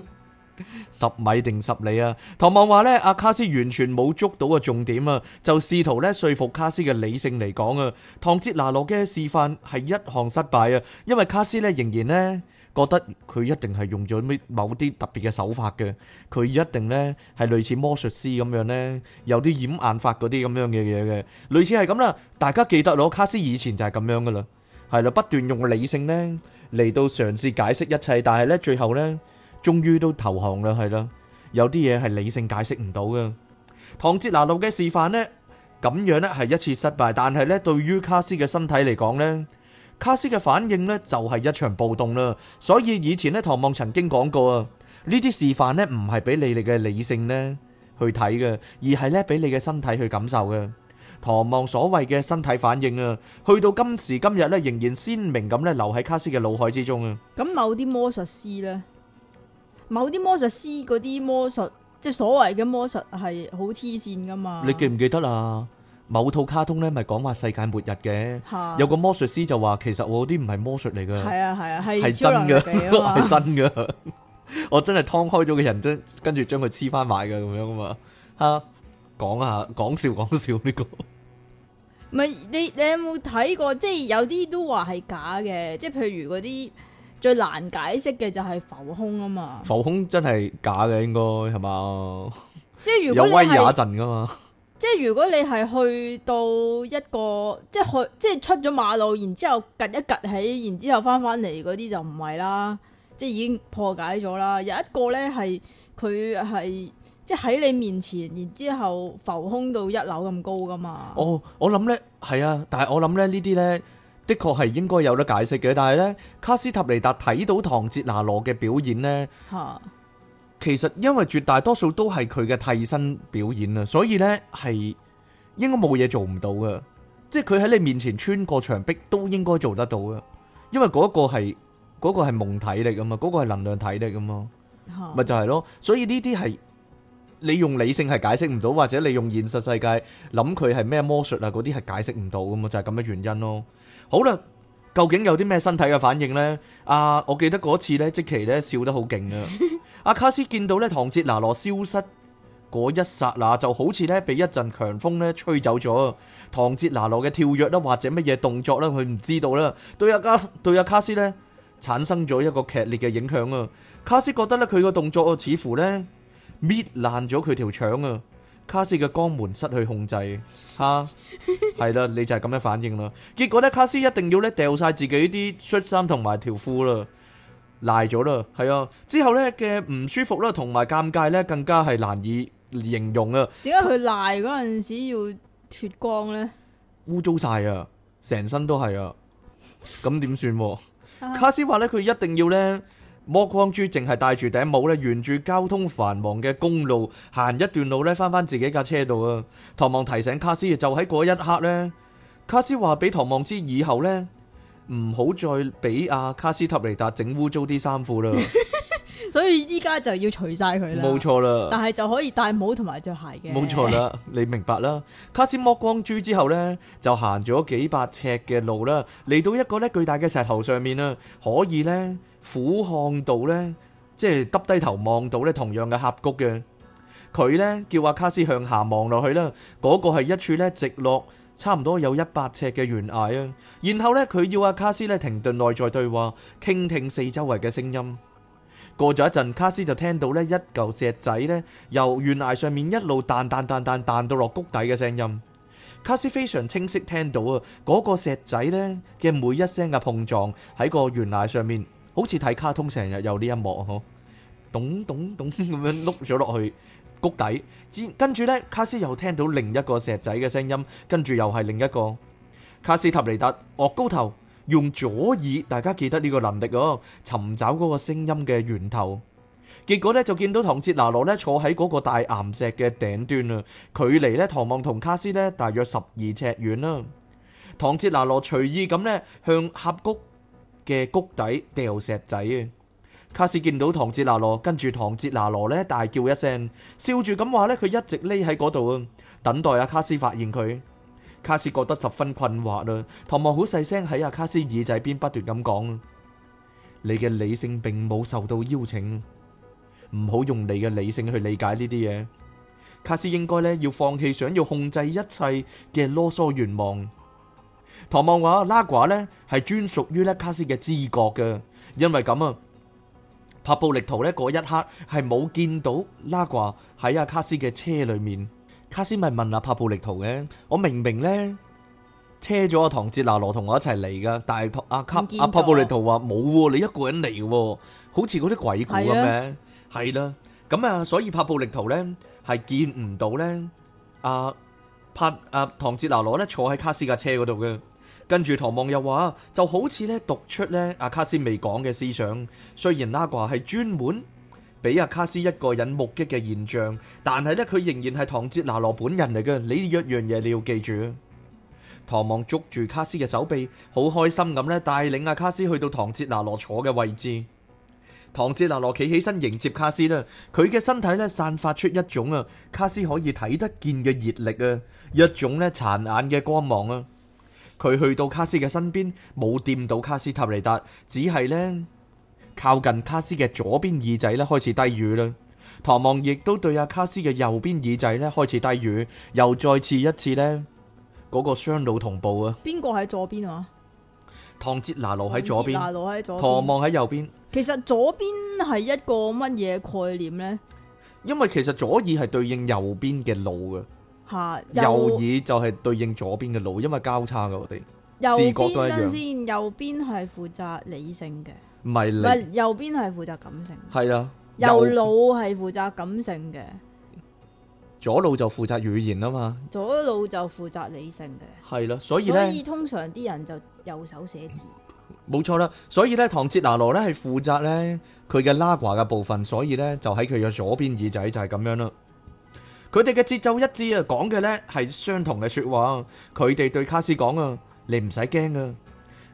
十米定十里啊！唐望話咧，阿卡斯完全冇捉到個重點啊，就試圖咧說服卡斯嘅理性嚟講啊。唐哲拿羅嘅示範係一項失敗啊，因為卡斯咧仍然咧覺得佢一定係用咗咩某啲特別嘅手法嘅，佢一定咧係類似魔術師咁樣咧有啲掩眼法嗰啲咁樣嘅嘢嘅，類似係咁啦。大家記得攞卡斯以前就係咁樣噶啦，係啦，不斷用理性咧嚟到嘗試解釋一切，但係咧最後咧。終於都投降啦，係啦，有啲嘢係理性解釋唔到嘅。唐哲拿路嘅示範呢，咁樣呢係一次失敗，但係呢對於卡斯嘅身體嚟講呢，卡斯嘅反應呢就係一場暴動啦。所以以前呢，唐望曾經講過啊，呢啲示範呢唔係俾你哋嘅理性呢去睇嘅，而係呢俾你嘅身體去感受嘅。唐望所謂嘅身體反應啊，去到今時今日呢，仍然鮮明咁呢留喺卡斯嘅腦海之中啊。
咁某啲魔術師呢？某啲魔術師嗰啲魔術，即係所謂嘅魔術係好黐線噶嘛？你記
唔記得啊？某套卡通咧，咪講話世界末日嘅，的有個魔術師就話，其實我啲唔係魔術嚟噶。係啊係啊，係超能力嘅，係真嘅。 我真係劏開咗嘅人，真跟住將佢黐翻埋噶，咁樣啊嘛吓，講 下講笑講笑呢、這個。
唔係，你你有冇睇過？即係有啲都話係假嘅，即係譬如嗰啲。最難解釋嘅就係浮空啊嘛，浮
空真係假嘅應該係嘛？
即係如果你 有威一陣㗎嘛。即係如果你係去到一個即係去即係出咗馬路，然之後趷一趷起，然之後翻翻嚟嗰啲就唔係啦，即係已經破解咗啦。有一個呢係佢係即係喺你面前，然之後浮空到一樓咁高噶嘛？哦，
我諗呢，係啊，但係我諗咧呢啲呢。的確係應該有得解釋嘅，但係呢，卡斯塔尼達睇到唐哲拿羅嘅表演咧，啊、其實因為絕大多數都係佢嘅替身表演啊，所以呢，係應該冇嘢做唔到嘅，即係佢喺你面前穿過牆壁都應該做得到嘅，因為嗰個係、嗰個係夢體嚟噶嘛，嗰、嗰個係能量體嚟噶嘛，咪、啊、就係咯，所以呢啲係你用理性係解釋唔到，或者你用現實世界諗佢係咩魔術啊，嗰啲係解釋唔到噶嘛，就係咁嘅原因咯。好啦，究竟有啲咩身體嘅反應呢？啊，我記得嗰次呢，即其呢笑得好勁啊！阿卡斯見到呢唐哲拿羅消失嗰一剎那，就好似呢被一陣強風呢吹走咗。唐哲拿羅嘅跳躍啦，或者乜嘢動作呢，佢唔知道啦，對阿、啊、卡對阿、啊、卡斯呢產生咗一個劇烈嘅影響啊！卡斯覺得呢，佢個動作似乎呢搣爛咗佢條腸啊！卡斯嘅肛門失去控制，吓，係啦，你就係咁嘅反應啦。結果咧，卡斯一定要咧掉晒自己啲恤衫同埋條褲啦，賴咗啦，係啊。之後咧嘅唔舒服啦，同埋尷尬咧，更加係難以形容啊。
點解佢賴嗰陣時要脫光呢？
污糟晒啊，成身都係啊。咁點算？卡斯話咧，佢一定要咧。魔光珠淨係戴住頂帽咧，沿住交通繁忙嘅公路行一段路咧，翻返自己架車度啊！唐望提醒卡斯，就喺嗰一刻呢，卡斯話俾唐望知以後呢，唔好再俾阿卡斯塔尼達整污糟啲衫褲啦。
所以依家就要除晒佢啦。冇錯啦，但係就可以戴帽同埋着鞋嘅。冇錯啦，
你明白啦。卡斯魔光珠之後呢，就行咗幾百尺嘅路啦，嚟到一個咧巨大嘅石頭上面啦，可以呢，俯瞰到呢，即係耷低頭望到呢，同樣嘅峽谷嘅佢呢叫阿卡斯向下望落去啦。嗰、那個係一處呢直落差唔多有一百尺嘅懸崖啊。然後呢，佢要阿卡斯呢停頓內在對話，傾聽四周圍嘅聲音。過咗一陣，卡斯就聽到呢一嚿石仔呢由懸崖上面一路彈彈彈彈彈，彈，彈，彈，彈到落谷底嘅聲音。卡斯非常清晰聽到啊，嗰、那個石仔呢嘅每一聲嘅碰撞喺個懸崖上面。好似睇卡通成日有呢一幕嗬，咚咚咚咁樣碌咗落去谷底，之跟住咧，卡斯又聽到另一個石仔嘅聲音，跟住又係另一個卡斯塔尼達，昂高頭用左耳，大家記得呢個能力咯，尋找嗰個聲音嘅源頭。結果咧就見到唐切拿羅咧坐喺嗰個大岩石嘅頂端啦，距離咧唐望同卡斯咧大約十二尺遠啦。唐切拿羅隨意咁咧向峽谷嘅谷底掉石仔。卡斯見到唐哲拿羅，跟住唐哲拿羅呢大叫一聲，笑住咁話呢：佢一直匿喺嗰度等待阿、啊、卡斯發現佢。卡斯覺得十分困惑啦。唐望好細聲喺阿、啊、卡斯耳仔邊不斷咁講：你嘅理性並冇受到邀請，唔好用你嘅理性去理解呢啲嘢。卡斯應該呢要放棄想要控制一切嘅囉嗦願望。唐望話拉寡咧係專屬於咧卡斯嘅知覺嘅，因為咁啊帕布力圖咧嗰一刻係冇見到拉寡喺阿卡斯嘅車裏面，卡斯咪問阿帕布力圖嘅，我明明咧車咗阿唐哲拿羅同我一齊嚟噶，但係阿、啊、卡阿帕布力圖話冇、啊、你一個人嚟嘅、啊，好似嗰啲鬼故咁嘅，係啦、啊，咁啊、嗯、所以帕布力圖咧係見唔到咧阿。啊阿、啊、唐哲拿羅咧坐喺卡斯架車嗰度嘅，跟住唐望又話就好似咧讀出咧阿卡斯未講嘅思想，雖然拉瓜係專門俾阿卡斯一個人目擊嘅現象，但係呢，佢仍然係唐哲拿羅本人嚟嘅，你一樣嘢你要記住。唐望捉住卡斯嘅手臂，好開心咁咧帶領阿卡斯去到唐哲拿羅坐嘅位置。唐哲拿羅企起身迎接卡斯啦，佢嘅身體咧散發出一種啊，卡斯可以睇得見嘅熱力啊，一種咧殘眼嘅光芒啊。佢去到卡斯嘅身邊，冇掂到卡斯塔尼達，只係咧靠近卡斯嘅左邊耳仔咧開始低語啦。唐望亦都對阿卡斯嘅右邊耳仔咧開始低語，又再次一次呢，嗰、那個雙腦同步啊。
邊個喺左邊啊？
唐哲拿羅喺左邊。唐望喺右邊。
其實左邊係一個乜嘢概念呢？
因為其實左耳係對應右邊嘅腦嘅，
吓右，右耳
就係對應左邊嘅腦，因為交叉嘅邊我哋視覺都一樣。先，
右邊係負責理性嘅，唔係右邊係負責感性，
係啦、啊，右腦
係負責感性嘅，
左腦就負責語言啊嘛，
左腦就負責理性嘅，
係啦、啊，所以咧，所以
通常啲人就右手寫字。
冇錯啦，所以咧，唐哲拿羅咧係負責咧佢嘅拉掛嘅部分，所以咧就喺佢嘅左邊耳仔就係咁樣啦。佢哋嘅節奏一致啊，講嘅咧係相同嘅說話。佢哋對卡斯講啊，你唔使驚啊，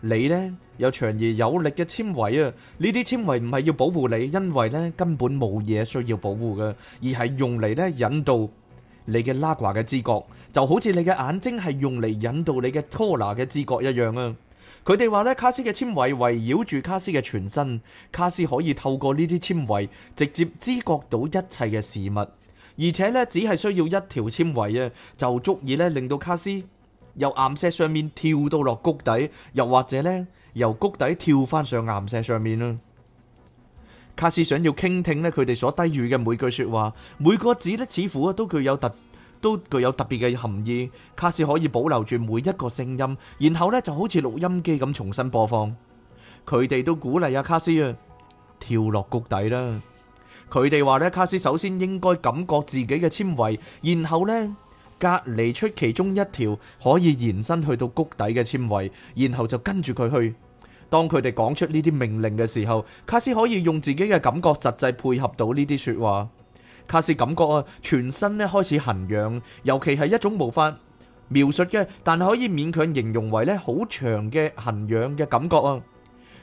你呢有長而有力嘅纖維啊，呢啲纖維唔係要保護你，因為咧根本冇嘢需要保護嘅，而係用嚟咧引導你嘅拉掛嘅知覺，就好似你嘅眼睛係用嚟引導你嘅拖拿嘅知覺一樣啊。佢哋話咧，卡斯嘅纖維圍繞住卡斯嘅全身，卡斯可以透過呢啲纖維直接知覺到一切嘅事物，而且呢，只係需要一條纖維啊，就足以呢令到卡斯由岩石上面跳到落谷底，又或者呢由谷底跳翻上岩石上面啦。卡斯想要傾聽呢佢哋所低語嘅每句説話，每個字咧似乎都具有特都具有特別嘅含義。卡斯可以保留住每一個聲音，然後咧就好似錄音機咁重新播放。佢哋都鼓勵阿卡斯啊，跳落谷底啦。佢哋話咧，卡斯首先應該感覺自己嘅纖維，然後呢隔離出其中一條可以延伸去到谷底嘅纖維，然後就跟住佢去。當佢哋講出呢啲命令嘅時候，卡斯可以用自己嘅感覺實際配合到呢啲說話。卡斯感覺啊，全身咧開始痕癢，尤其係一種無法描述嘅，但係可以勉強形容為咧好長嘅痕癢嘅感覺啊！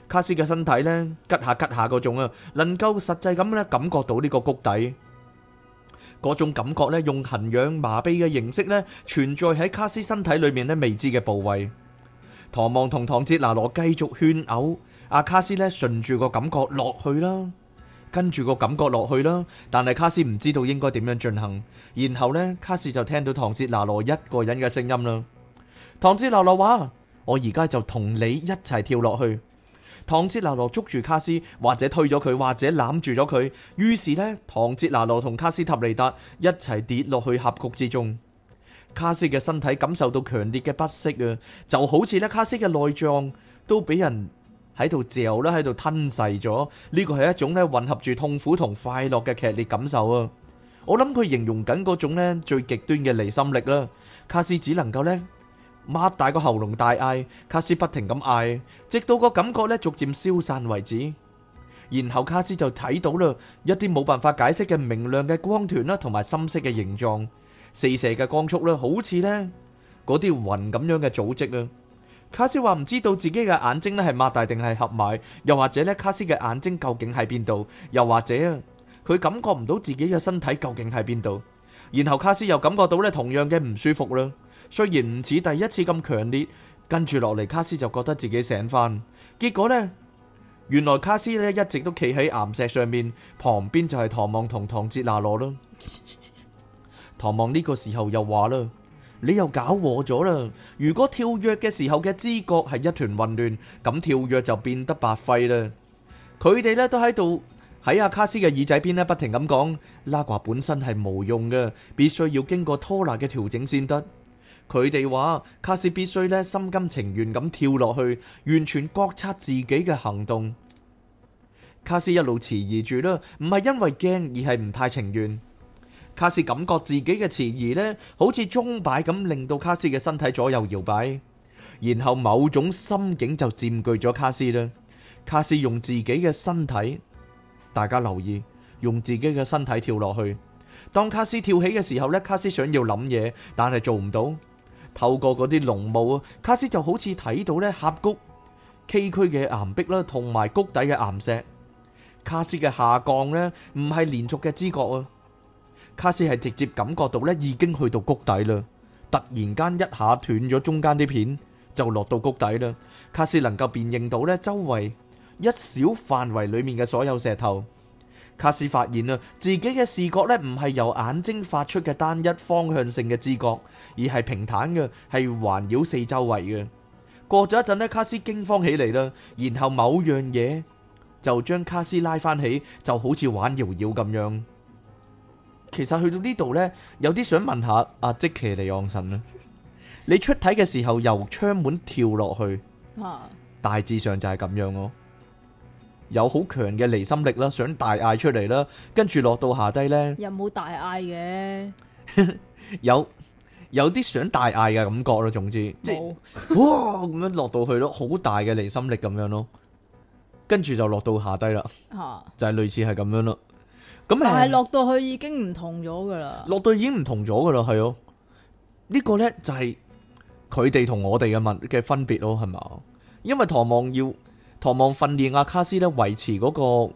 卡斯嘅身體咧，拮下拮下嗰種啊，能夠實際咁咧感覺到呢個谷底嗰種感覺咧，用痕癢麻痺嘅形式咧存在喺卡斯身體裏面咧未知嘅部位。唐望同唐哲拿羅繼續勸嘔，阿卡斯咧順住個感覺落去啦。跟住個感覺落去啦，但係卡斯唔知道應該點樣進行。然後呢，卡斯就聽到唐哲拿羅一個人嘅聲音啦。唐哲拿羅話：我而家就同你一齊跳落去。唐哲拿羅捉住卡斯，或者推咗佢，或者攬住咗佢。於是呢，唐哲拿羅同卡斯塔尼達一齊跌落去峽谷之中。卡斯嘅身體感受到強烈嘅不適啊，就好似咧卡斯嘅內臟都俾人。喺度嚼啦，喺度吞噬咗。呢個係一種咧混合住痛苦同快樂嘅劇烈感受啊！我諗佢形容緊嗰種咧最極端嘅離心力啦。卡斯只能夠咧擘大個喉嚨大嗌，卡斯不停咁嗌，直到個感覺咧逐漸消散為止。然後卡斯就睇到啦一啲冇辦法解釋嘅明亮嘅光團啦，同埋深色嘅形狀，四射嘅光速啦，好似咧嗰啲雲咁樣嘅組織啦。卡斯話唔知道自己嘅眼睛咧係擘大定係合埋，又或者咧卡斯嘅眼睛究竟喺邊度？又或者啊，佢感覺唔到自己嘅身體究竟喺邊度？然後卡斯又感覺到咧同樣嘅唔舒服啦。雖然唔似第一次咁強烈，跟住落嚟卡斯就覺得自己醒翻。結果呢，原來卡斯咧一直都企喺岩石上面，旁邊就係唐望同唐哲拿羅啦。唐望呢個時候又話啦。你又搞錯咗啦！如果跳躍嘅時候嘅知覺係一團混亂，咁跳躍就變得白費啦。佢哋咧都喺度喺阿卡斯嘅耳仔邊咧不停咁講，拉瓜本身係冇用嘅，必須要經過拖拉嘅調整先得。佢哋話卡斯必須咧心甘情願咁跳落去，完全覺察自己嘅行動。卡斯一路遲疑住啦，唔係因為驚，而係唔太情願。卡斯感覺自己嘅遲疑呢，好似鐘擺咁，令到卡斯嘅身體左右搖擺。然後某種心境就佔據咗卡斯啦。卡斯用自己嘅身體，大家留意用自己嘅身體跳落去。當卡斯跳起嘅時候呢，卡斯想要諗嘢，但係做唔到。透過嗰啲濃霧，卡斯就好似睇到呢峽谷崎嶇嘅岩壁啦，同埋谷底嘅岩石。卡斯嘅下降呢，唔係連續嘅知覺啊。卡斯係直接感覺到咧，已經去到谷底啦。突然間一下斷咗中間啲片，就落到谷底啦。卡斯能夠辨認到咧，周圍一小範圍裏面嘅所有石頭。卡斯發現啊，自己嘅視覺咧唔係由眼睛發出嘅單一方向性嘅知覺，而係平坦嘅，係環繞四周圍嘅。過咗一陣咧，卡斯驚慌起嚟啦，然後某樣嘢就將卡斯拉翻起，就好似玩搖搖咁樣。其實去到呢度呢，有啲想問下阿、啊、即奇尼昂神啦，你出體嘅時候由窗門跳落去，大致上就係咁樣咯，有好強嘅離心力啦，想大嗌出嚟啦，跟住落到下低呢？
有冇大嗌嘅，
有有啲想大嗌嘅感覺咯，總之即係哇咁樣落到去咯，好大嘅離心力咁樣咯，跟住就落到下低啦，就係、是、類似係咁樣咯。咁但係落
到去已經唔同咗噶啦，
落到已經唔同咗噶啦，係哦。呢個咧就係佢哋同我哋嘅問嘅分別咯，係嘛？因為唐望要唐望訓練阿卡斯咧維持嗰個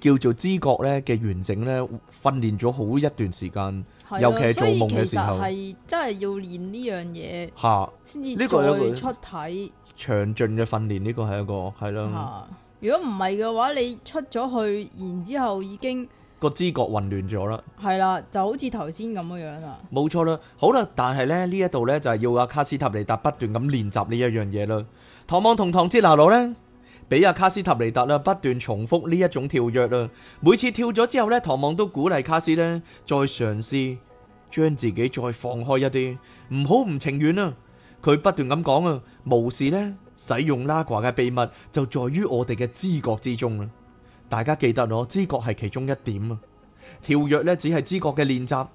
叫做知覺咧嘅完整咧，訓練咗好一段時間，的尤其係做夢嘅時候，係
真係要練呢樣嘢，吓先至再出體。
詳盡嘅訓練呢個係一個係咯、這個啊。
如果唔係嘅話，你出咗去，然之後已經。
個知覺混亂咗啦，
係啦，就好似頭先咁嘅樣啦，
冇錯啦，好啦，但係咧呢一度咧就係要阿卡斯塔尼達不斷咁練習呢一樣嘢啦。唐望同唐哲拿羅咧，俾阿卡斯塔尼達啦不斷重複呢一種跳躍啦，每次跳咗之後咧，唐望都鼓勵卡斯咧再嘗試將自己再放開一啲，唔好唔情願啊！佢不斷咁講啊，無視咧使用拉掛嘅秘密就在於我哋嘅知覺之中啦。大家記得囉，知覺係其中一點啊，跳躍咧只係知覺嘅練習。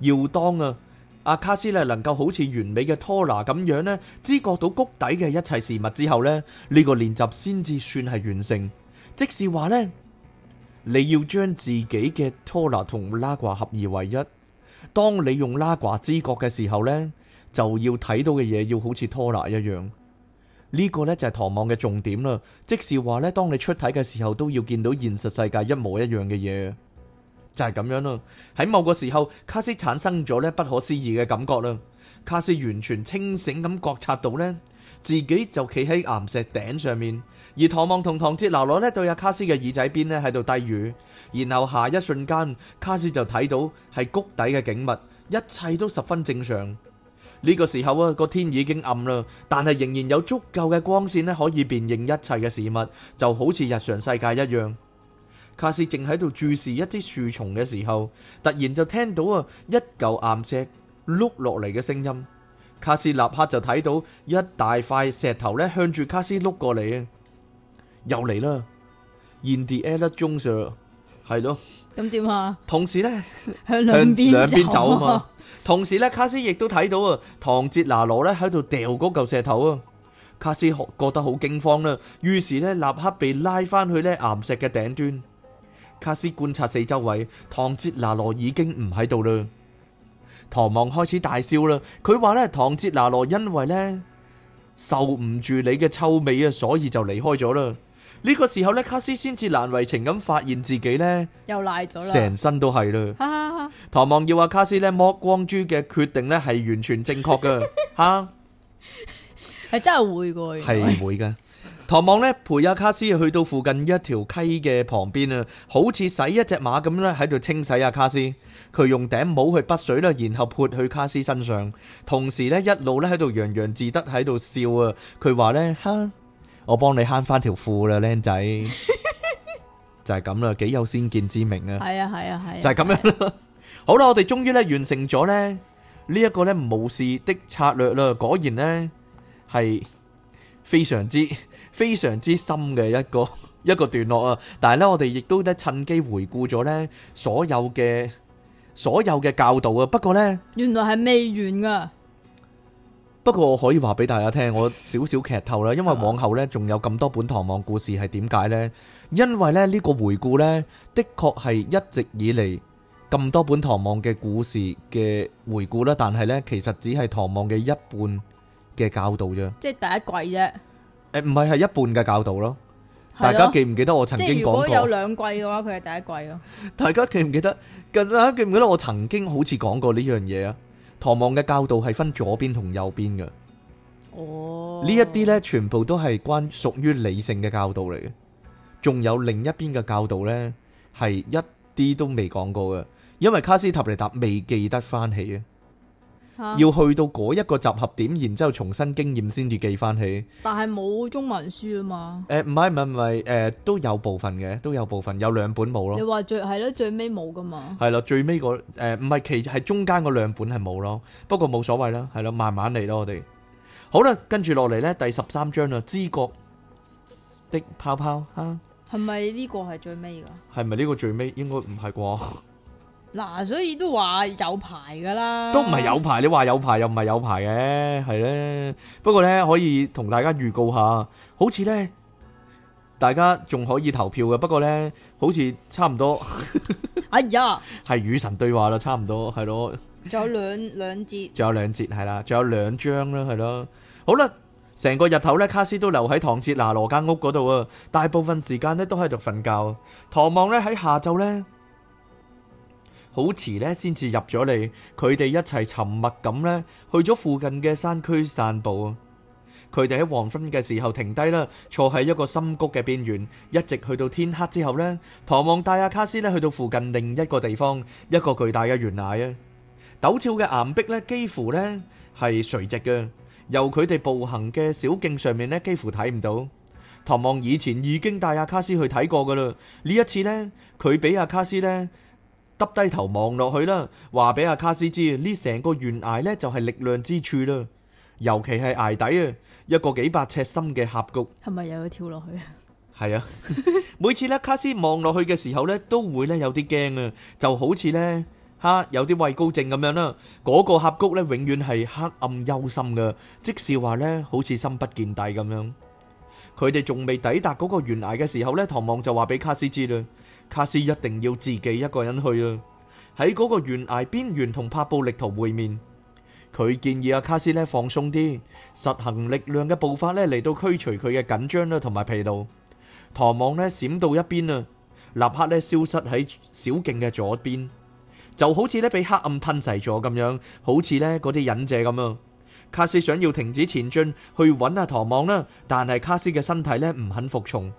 要當啊，阿卡斯咧能夠好似完美嘅拖拿咁樣咧，知覺到谷底嘅一切事物之後咧，呢個練習先至算係完成。即是話呢，你要將自己嘅拖拿同拉掛合二為一。當你用拉掛知覺嘅時候呢，就要睇到嘅嘢要好似拖拿一樣。呢個呢，就係唐望嘅重點啦，即是話呢，當你出體嘅時候都要見到現實世界一模一樣嘅嘢，就係咁樣啦。喺某個時候，卡斯產生咗呢，不可思議嘅感覺啦，卡斯完全清醒咁覺察到呢，自己就企喺岩石頂上面，而唐望同唐哲拿羅呢，對阿卡斯嘅耳仔邊呢，喺度低語，然後下一瞬間卡斯就睇到係谷底嘅景物，一切都十分正常。呢個時候啊，個天已經暗啦，但係仍然有足夠嘅光線咧，可以辨認一切嘅事物，就好似日常世界一樣。卡斯正喺度注視一啲樹叢嘅時候，突然就聽到啊，一嚿岩石碌落嚟嘅聲音。卡斯立刻就睇到一大塊石頭咧，向住卡斯碌過嚟啊，又嚟啦！And the other Jones，係咯，
咁點啊？
同時咧，
向兩邊走啊嘛。
同時咧，卡斯亦都睇到啊，唐哲拿羅咧喺度掉嗰嚿石頭啊，卡斯覺覺得好驚慌啦，於是咧立刻被拉翻去咧岩石嘅頂端。卡斯觀察四周圍，唐哲拿羅已經唔喺度啦。唐望開始大笑啦，佢話咧唐哲拿羅因為咧受唔住你嘅臭味啊，所以就離開咗啦。呢個時候呢，卡斯先至難為情咁發現自己呢
又瀨咗啦，成
身都係啦。唐 望要阿、啊、卡斯呢，剝光珠嘅決定呢係完全正確嘅，吓
係 哈 真係會嘅，係
會嘅。唐 望呢，陪阿、啊、卡斯去到附近一條溪嘅旁邊啊，好似洗一隻馬咁樣喺度清洗阿卡斯，佢用頂帽去潷水啦，然後潑去卡斯身上，同時呢，一路呢喺度洋洋自得喺度笑啊，佢話呢。吓。我幫你慳翻條褲啦，靚仔，就係咁啦，幾有先見之明啊！係
啊係啊係，就係咁
樣咯。好啦，我哋終於咧完成咗咧呢一個咧巫士的策略啦，果然咧係非常之非常之深嘅一個一個段落啊！但係咧我哋亦都咧趁機回顧咗咧所有嘅所有嘅教導啊！不過咧，
原來係未完噶。
不過我可以話俾大家聽，我少少劇透啦，因為往後咧仲有咁多本《唐望》故事係點解咧？因為咧呢個回顧咧的確係一直以嚟咁多本《唐望》嘅故事嘅回顧啦，但係咧其實只係《唐望》嘅一半嘅教導啫。
即係第一季啫。
誒，唔係係一半嘅教導咯。大家記唔記得我曾經講過？如果有
兩季嘅話，佢係第一季咯。
大家記唔記得？大家啊，記唔記得我曾經好似講過呢樣嘢啊？唐望嘅教導係分左邊同右邊嘅，哦，
呢一啲
呢，全部都係關屬於理性嘅教導嚟嘅，仲有另一邊嘅教導呢，係一啲都未講過嘅，因為卡斯塔尼達未記得翻起嘅。要去到嗰一個集合點，然之後重新經驗先至記翻起。
但係冇中文書啊嘛？
誒，唔係唔係唔係，誒，都有部分嘅，都有部分有兩本冇咯。你話
最係咯，最尾冇噶嘛？
係咯，最尾個誒，唔係其係中間個兩本係冇咯。不過冇所謂啦，係咯，慢慢嚟咯，我哋好啦，跟住落嚟咧，第十三章啦，《知覺的泡泡》啊，
係咪呢個係最尾噶？
係咪呢個最尾？應該唔係啩？
嗱、啊，所以都話有排噶啦，都唔係有
排。你話有排又唔係有排嘅，係咧。不過咧可以同大家預告下，好似咧大家仲可以投票嘅。不過咧好似差唔多。
哎呀，
係與神對話啦，差唔多係咯。仲
有兩兩節，
仲有兩節係啦，仲有兩章啦，係咯。好啦，成個日頭咧，卡斯都留喺唐哲拿羅間屋嗰度啊。大部分時間咧都喺度瞓覺。唐望咧喺下晝咧。好遲咧，先至入咗嚟。佢哋一齊沉默咁咧，去咗附近嘅山區散步。佢哋喺黃昏嘅時候停低啦，坐喺一個深谷嘅邊緣，一直去到天黑之後呢，唐望帶阿卡斯呢去到附近另一個地方，一個巨大嘅懸崖啊！陡峭嘅岩壁咧，幾乎呢係垂直嘅，由佢哋步行嘅小徑上面呢幾乎睇唔到。唐望以前已經帶阿卡斯去睇過噶啦，呢一次呢，佢俾阿卡斯呢。耷低頭望落去啦，話俾阿卡斯知呢成個懸崖咧就係力量之處啦，尤其係崖底啊，一個幾百尺深嘅峽谷。
係咪又要跳落去啊？
係啊，每次咧卡斯望落去嘅時候咧，都會咧有啲驚啊，就好似咧吓有啲畏高症咁樣啦。嗰個峽谷咧永遠係黑暗幽深噶，即是話咧好似深不見底咁樣。佢哋仲未抵達嗰個懸崖嘅時候咧，唐望就話俾卡斯知啦。卡斯一定要自己一個人去啊！喺嗰個懸崖邊緣同帕布力圖會面。佢建議阿卡斯咧放鬆啲，實行力量嘅步伐咧嚟到驅除佢嘅緊張啦同埋疲勞。唐望咧閃到一邊啊，立刻咧消失喺小徑嘅左邊，就好似咧被黑暗吞噬咗咁樣，好似咧嗰啲忍者咁啊。卡斯想要停止前進去揾下唐望啦，但係卡斯嘅身體咧唔肯服從。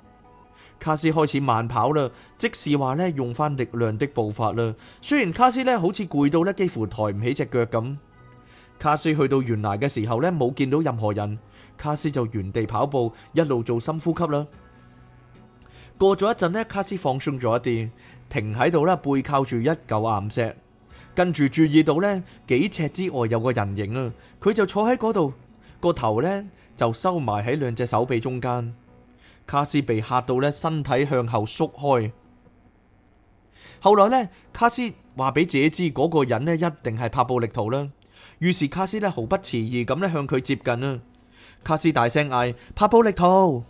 卡斯開始慢跑啦，即是話咧用翻力量的步伐啦。雖然卡斯咧好似攰到咧幾乎抬唔起隻腳咁，卡斯去到懸崖嘅時候咧冇見到任何人，卡斯就原地跑步，一路做深呼吸啦。過咗一陣咧，卡斯放鬆咗一啲，停喺度啦，背靠住一嚿岩石，跟住注意到咧幾尺之外有個人影啦，佢就坐喺嗰度，個頭呢就收埋喺兩隻手臂中間。卡斯被嚇到呢，身體向後縮開。後來呢，卡斯話俾自己知嗰、那個人咧一定係帕布力圖啦。於是卡斯咧毫不遲疑咁咧向佢接近啦。卡斯大聲嗌：帕布力圖！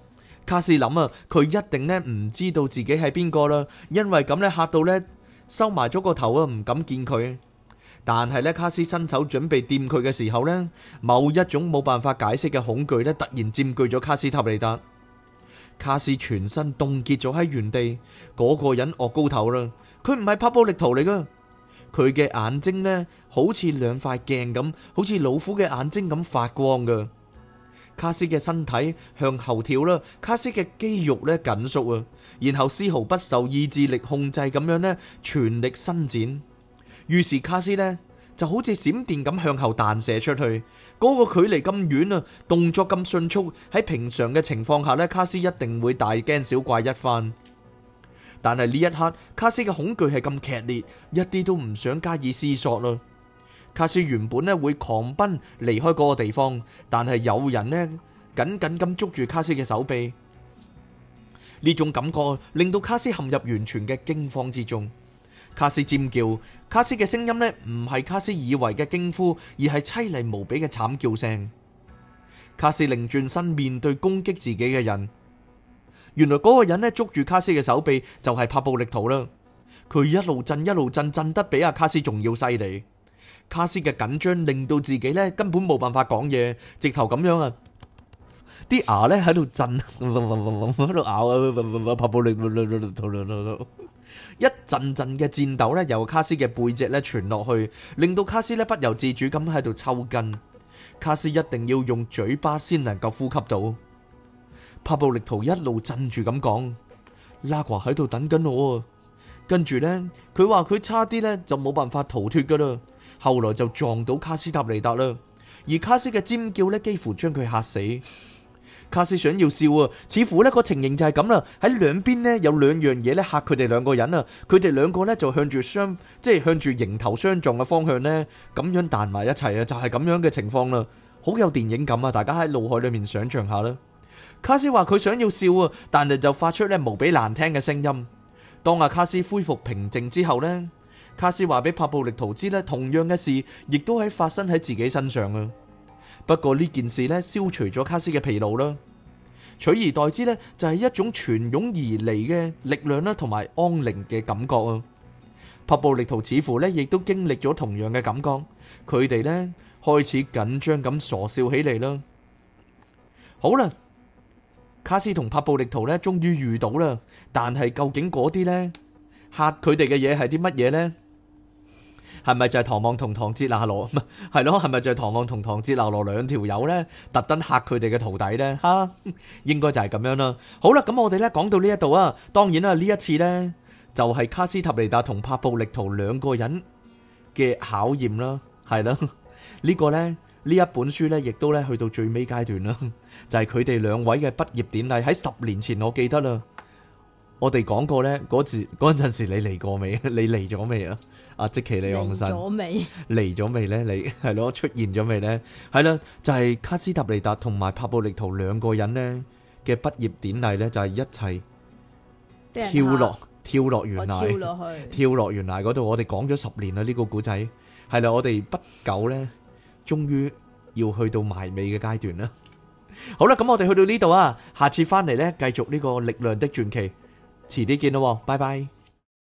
卡斯諗啊，佢一定咧唔知道自己係邊個啦，因為咁咧嚇到呢收埋咗個頭啊，唔敢見佢。但係呢，卡斯伸手準備掂佢嘅時候呢，某一種冇辦法解釋嘅恐懼咧突然佔據咗卡斯塔利達。卡斯全身凍結咗喺原地，嗰、那個人惡高頭啦，佢唔係拍暴力圖嚟噶，佢嘅眼睛呢好似兩塊鏡咁，好似老虎嘅眼睛咁發光噶。卡斯嘅身體向後跳啦，卡斯嘅肌肉呢緊縮啊，然後絲毫不受意志力控制咁樣呢，全力伸展，於是卡斯呢。就好似閃電咁向後彈射出去，嗰個距離咁遠啊，動作咁迅速，喺平常嘅情況下呢，卡斯一定會大驚小怪一番。但係呢一刻，卡斯嘅恐懼係咁劇烈，一啲都唔想加以思索咯。卡斯原本咧會狂奔離開嗰個地方，但係有人咧緊緊咁捉住卡斯嘅手臂，呢種感覺令到卡斯陷入完全嘅驚慌之中。卡斯尖叫，卡斯嘅聲音呢唔係卡斯以為嘅驚呼，而係淒厲無比嘅慘叫聲。卡斯擰轉身面對攻擊自己嘅人，原來嗰個人咧捉住卡斯嘅手臂就，就係拍布力圖啦。佢一路震，一路震，震得比阿卡斯仲要犀利。卡斯嘅緊張令到自己咧根本冇辦法講嘢，直頭咁樣啊！啲牙咧喺度震，喺度咬，拍布力圖。一陣陣嘅顫抖咧，由卡斯嘅背脊咧傳落去，令到卡斯咧不由自主咁喺度抽筋。卡斯一定要用嘴巴先能夠呼吸到。帕布力圖一路震住咁講，拉瓜喺度等緊我。跟住呢，佢話佢差啲呢就冇辦法逃脫噶啦，後來就撞到卡斯塔尼達啦。而卡斯嘅尖叫咧，幾乎將佢嚇死。卡斯想要笑啊，似乎呢個情形就係咁啦。喺兩邊咧有兩樣嘢咧嚇佢哋兩個人啊。佢哋兩個咧就向住相，即係向住迎頭相撞嘅方向咧，咁樣彈埋一齊啊，就係咁樣嘅情況啦。好有電影感啊！大家喺腦海裏面想象下啦。卡斯話佢想要笑啊，但係就發出咧無比難聽嘅聲音。當阿卡斯恢復平靜之後咧，卡斯話俾帕布力圖知咧，同樣嘅事亦都喺發生喺自己身上啊。不過呢件事咧消除咗卡斯嘅疲勞啦，取而代之咧就係一種泉湧而嚟嘅力量啦，同埋安寧嘅感覺啊！帕布力圖似乎咧亦都經歷咗同樣嘅感覺，佢哋咧開始緊張咁傻笑起嚟啦。好啦，卡斯同帕布力圖咧終於遇到啦，但係究竟嗰啲咧嚇佢哋嘅嘢係啲乜嘢咧？係咪就係唐望同唐哲那羅啊？係咯，係咪就係唐望同唐哲那羅兩條友咧？特登吓佢哋嘅徒弟咧，吓 應該就係咁樣啦。好啦，咁我哋咧講到呢一度啊，當然啦，呢一次咧就係、是、卡斯塔尼達同帕布力圖兩個人嘅考驗啦，係 啦，呢個咧呢一本書咧亦都咧去到最尾階段啦，就係佢哋兩位嘅畢業典禮。喺十年前，我記得啦，我哋講過咧嗰次嗰陣時，時你嚟過未？你嚟咗未啊？ 阿即奇你安生嚟咗未？嚟咗未咧？你係咯，出現咗未咧？係啦，就係卡斯塔尼達同埋帕布力圖兩個人咧嘅畢業典禮咧，就係一齊
跳落跳落懸崖，跳
落懸崖嗰度。我哋講咗十年啦，呢個古仔係啦，我哋不久咧，終於要去到埋尾嘅階段啦。好啦，咁我哋去到呢度啊，下次翻嚟咧，繼續呢個力量的傳奇，遲啲見啦，拜拜。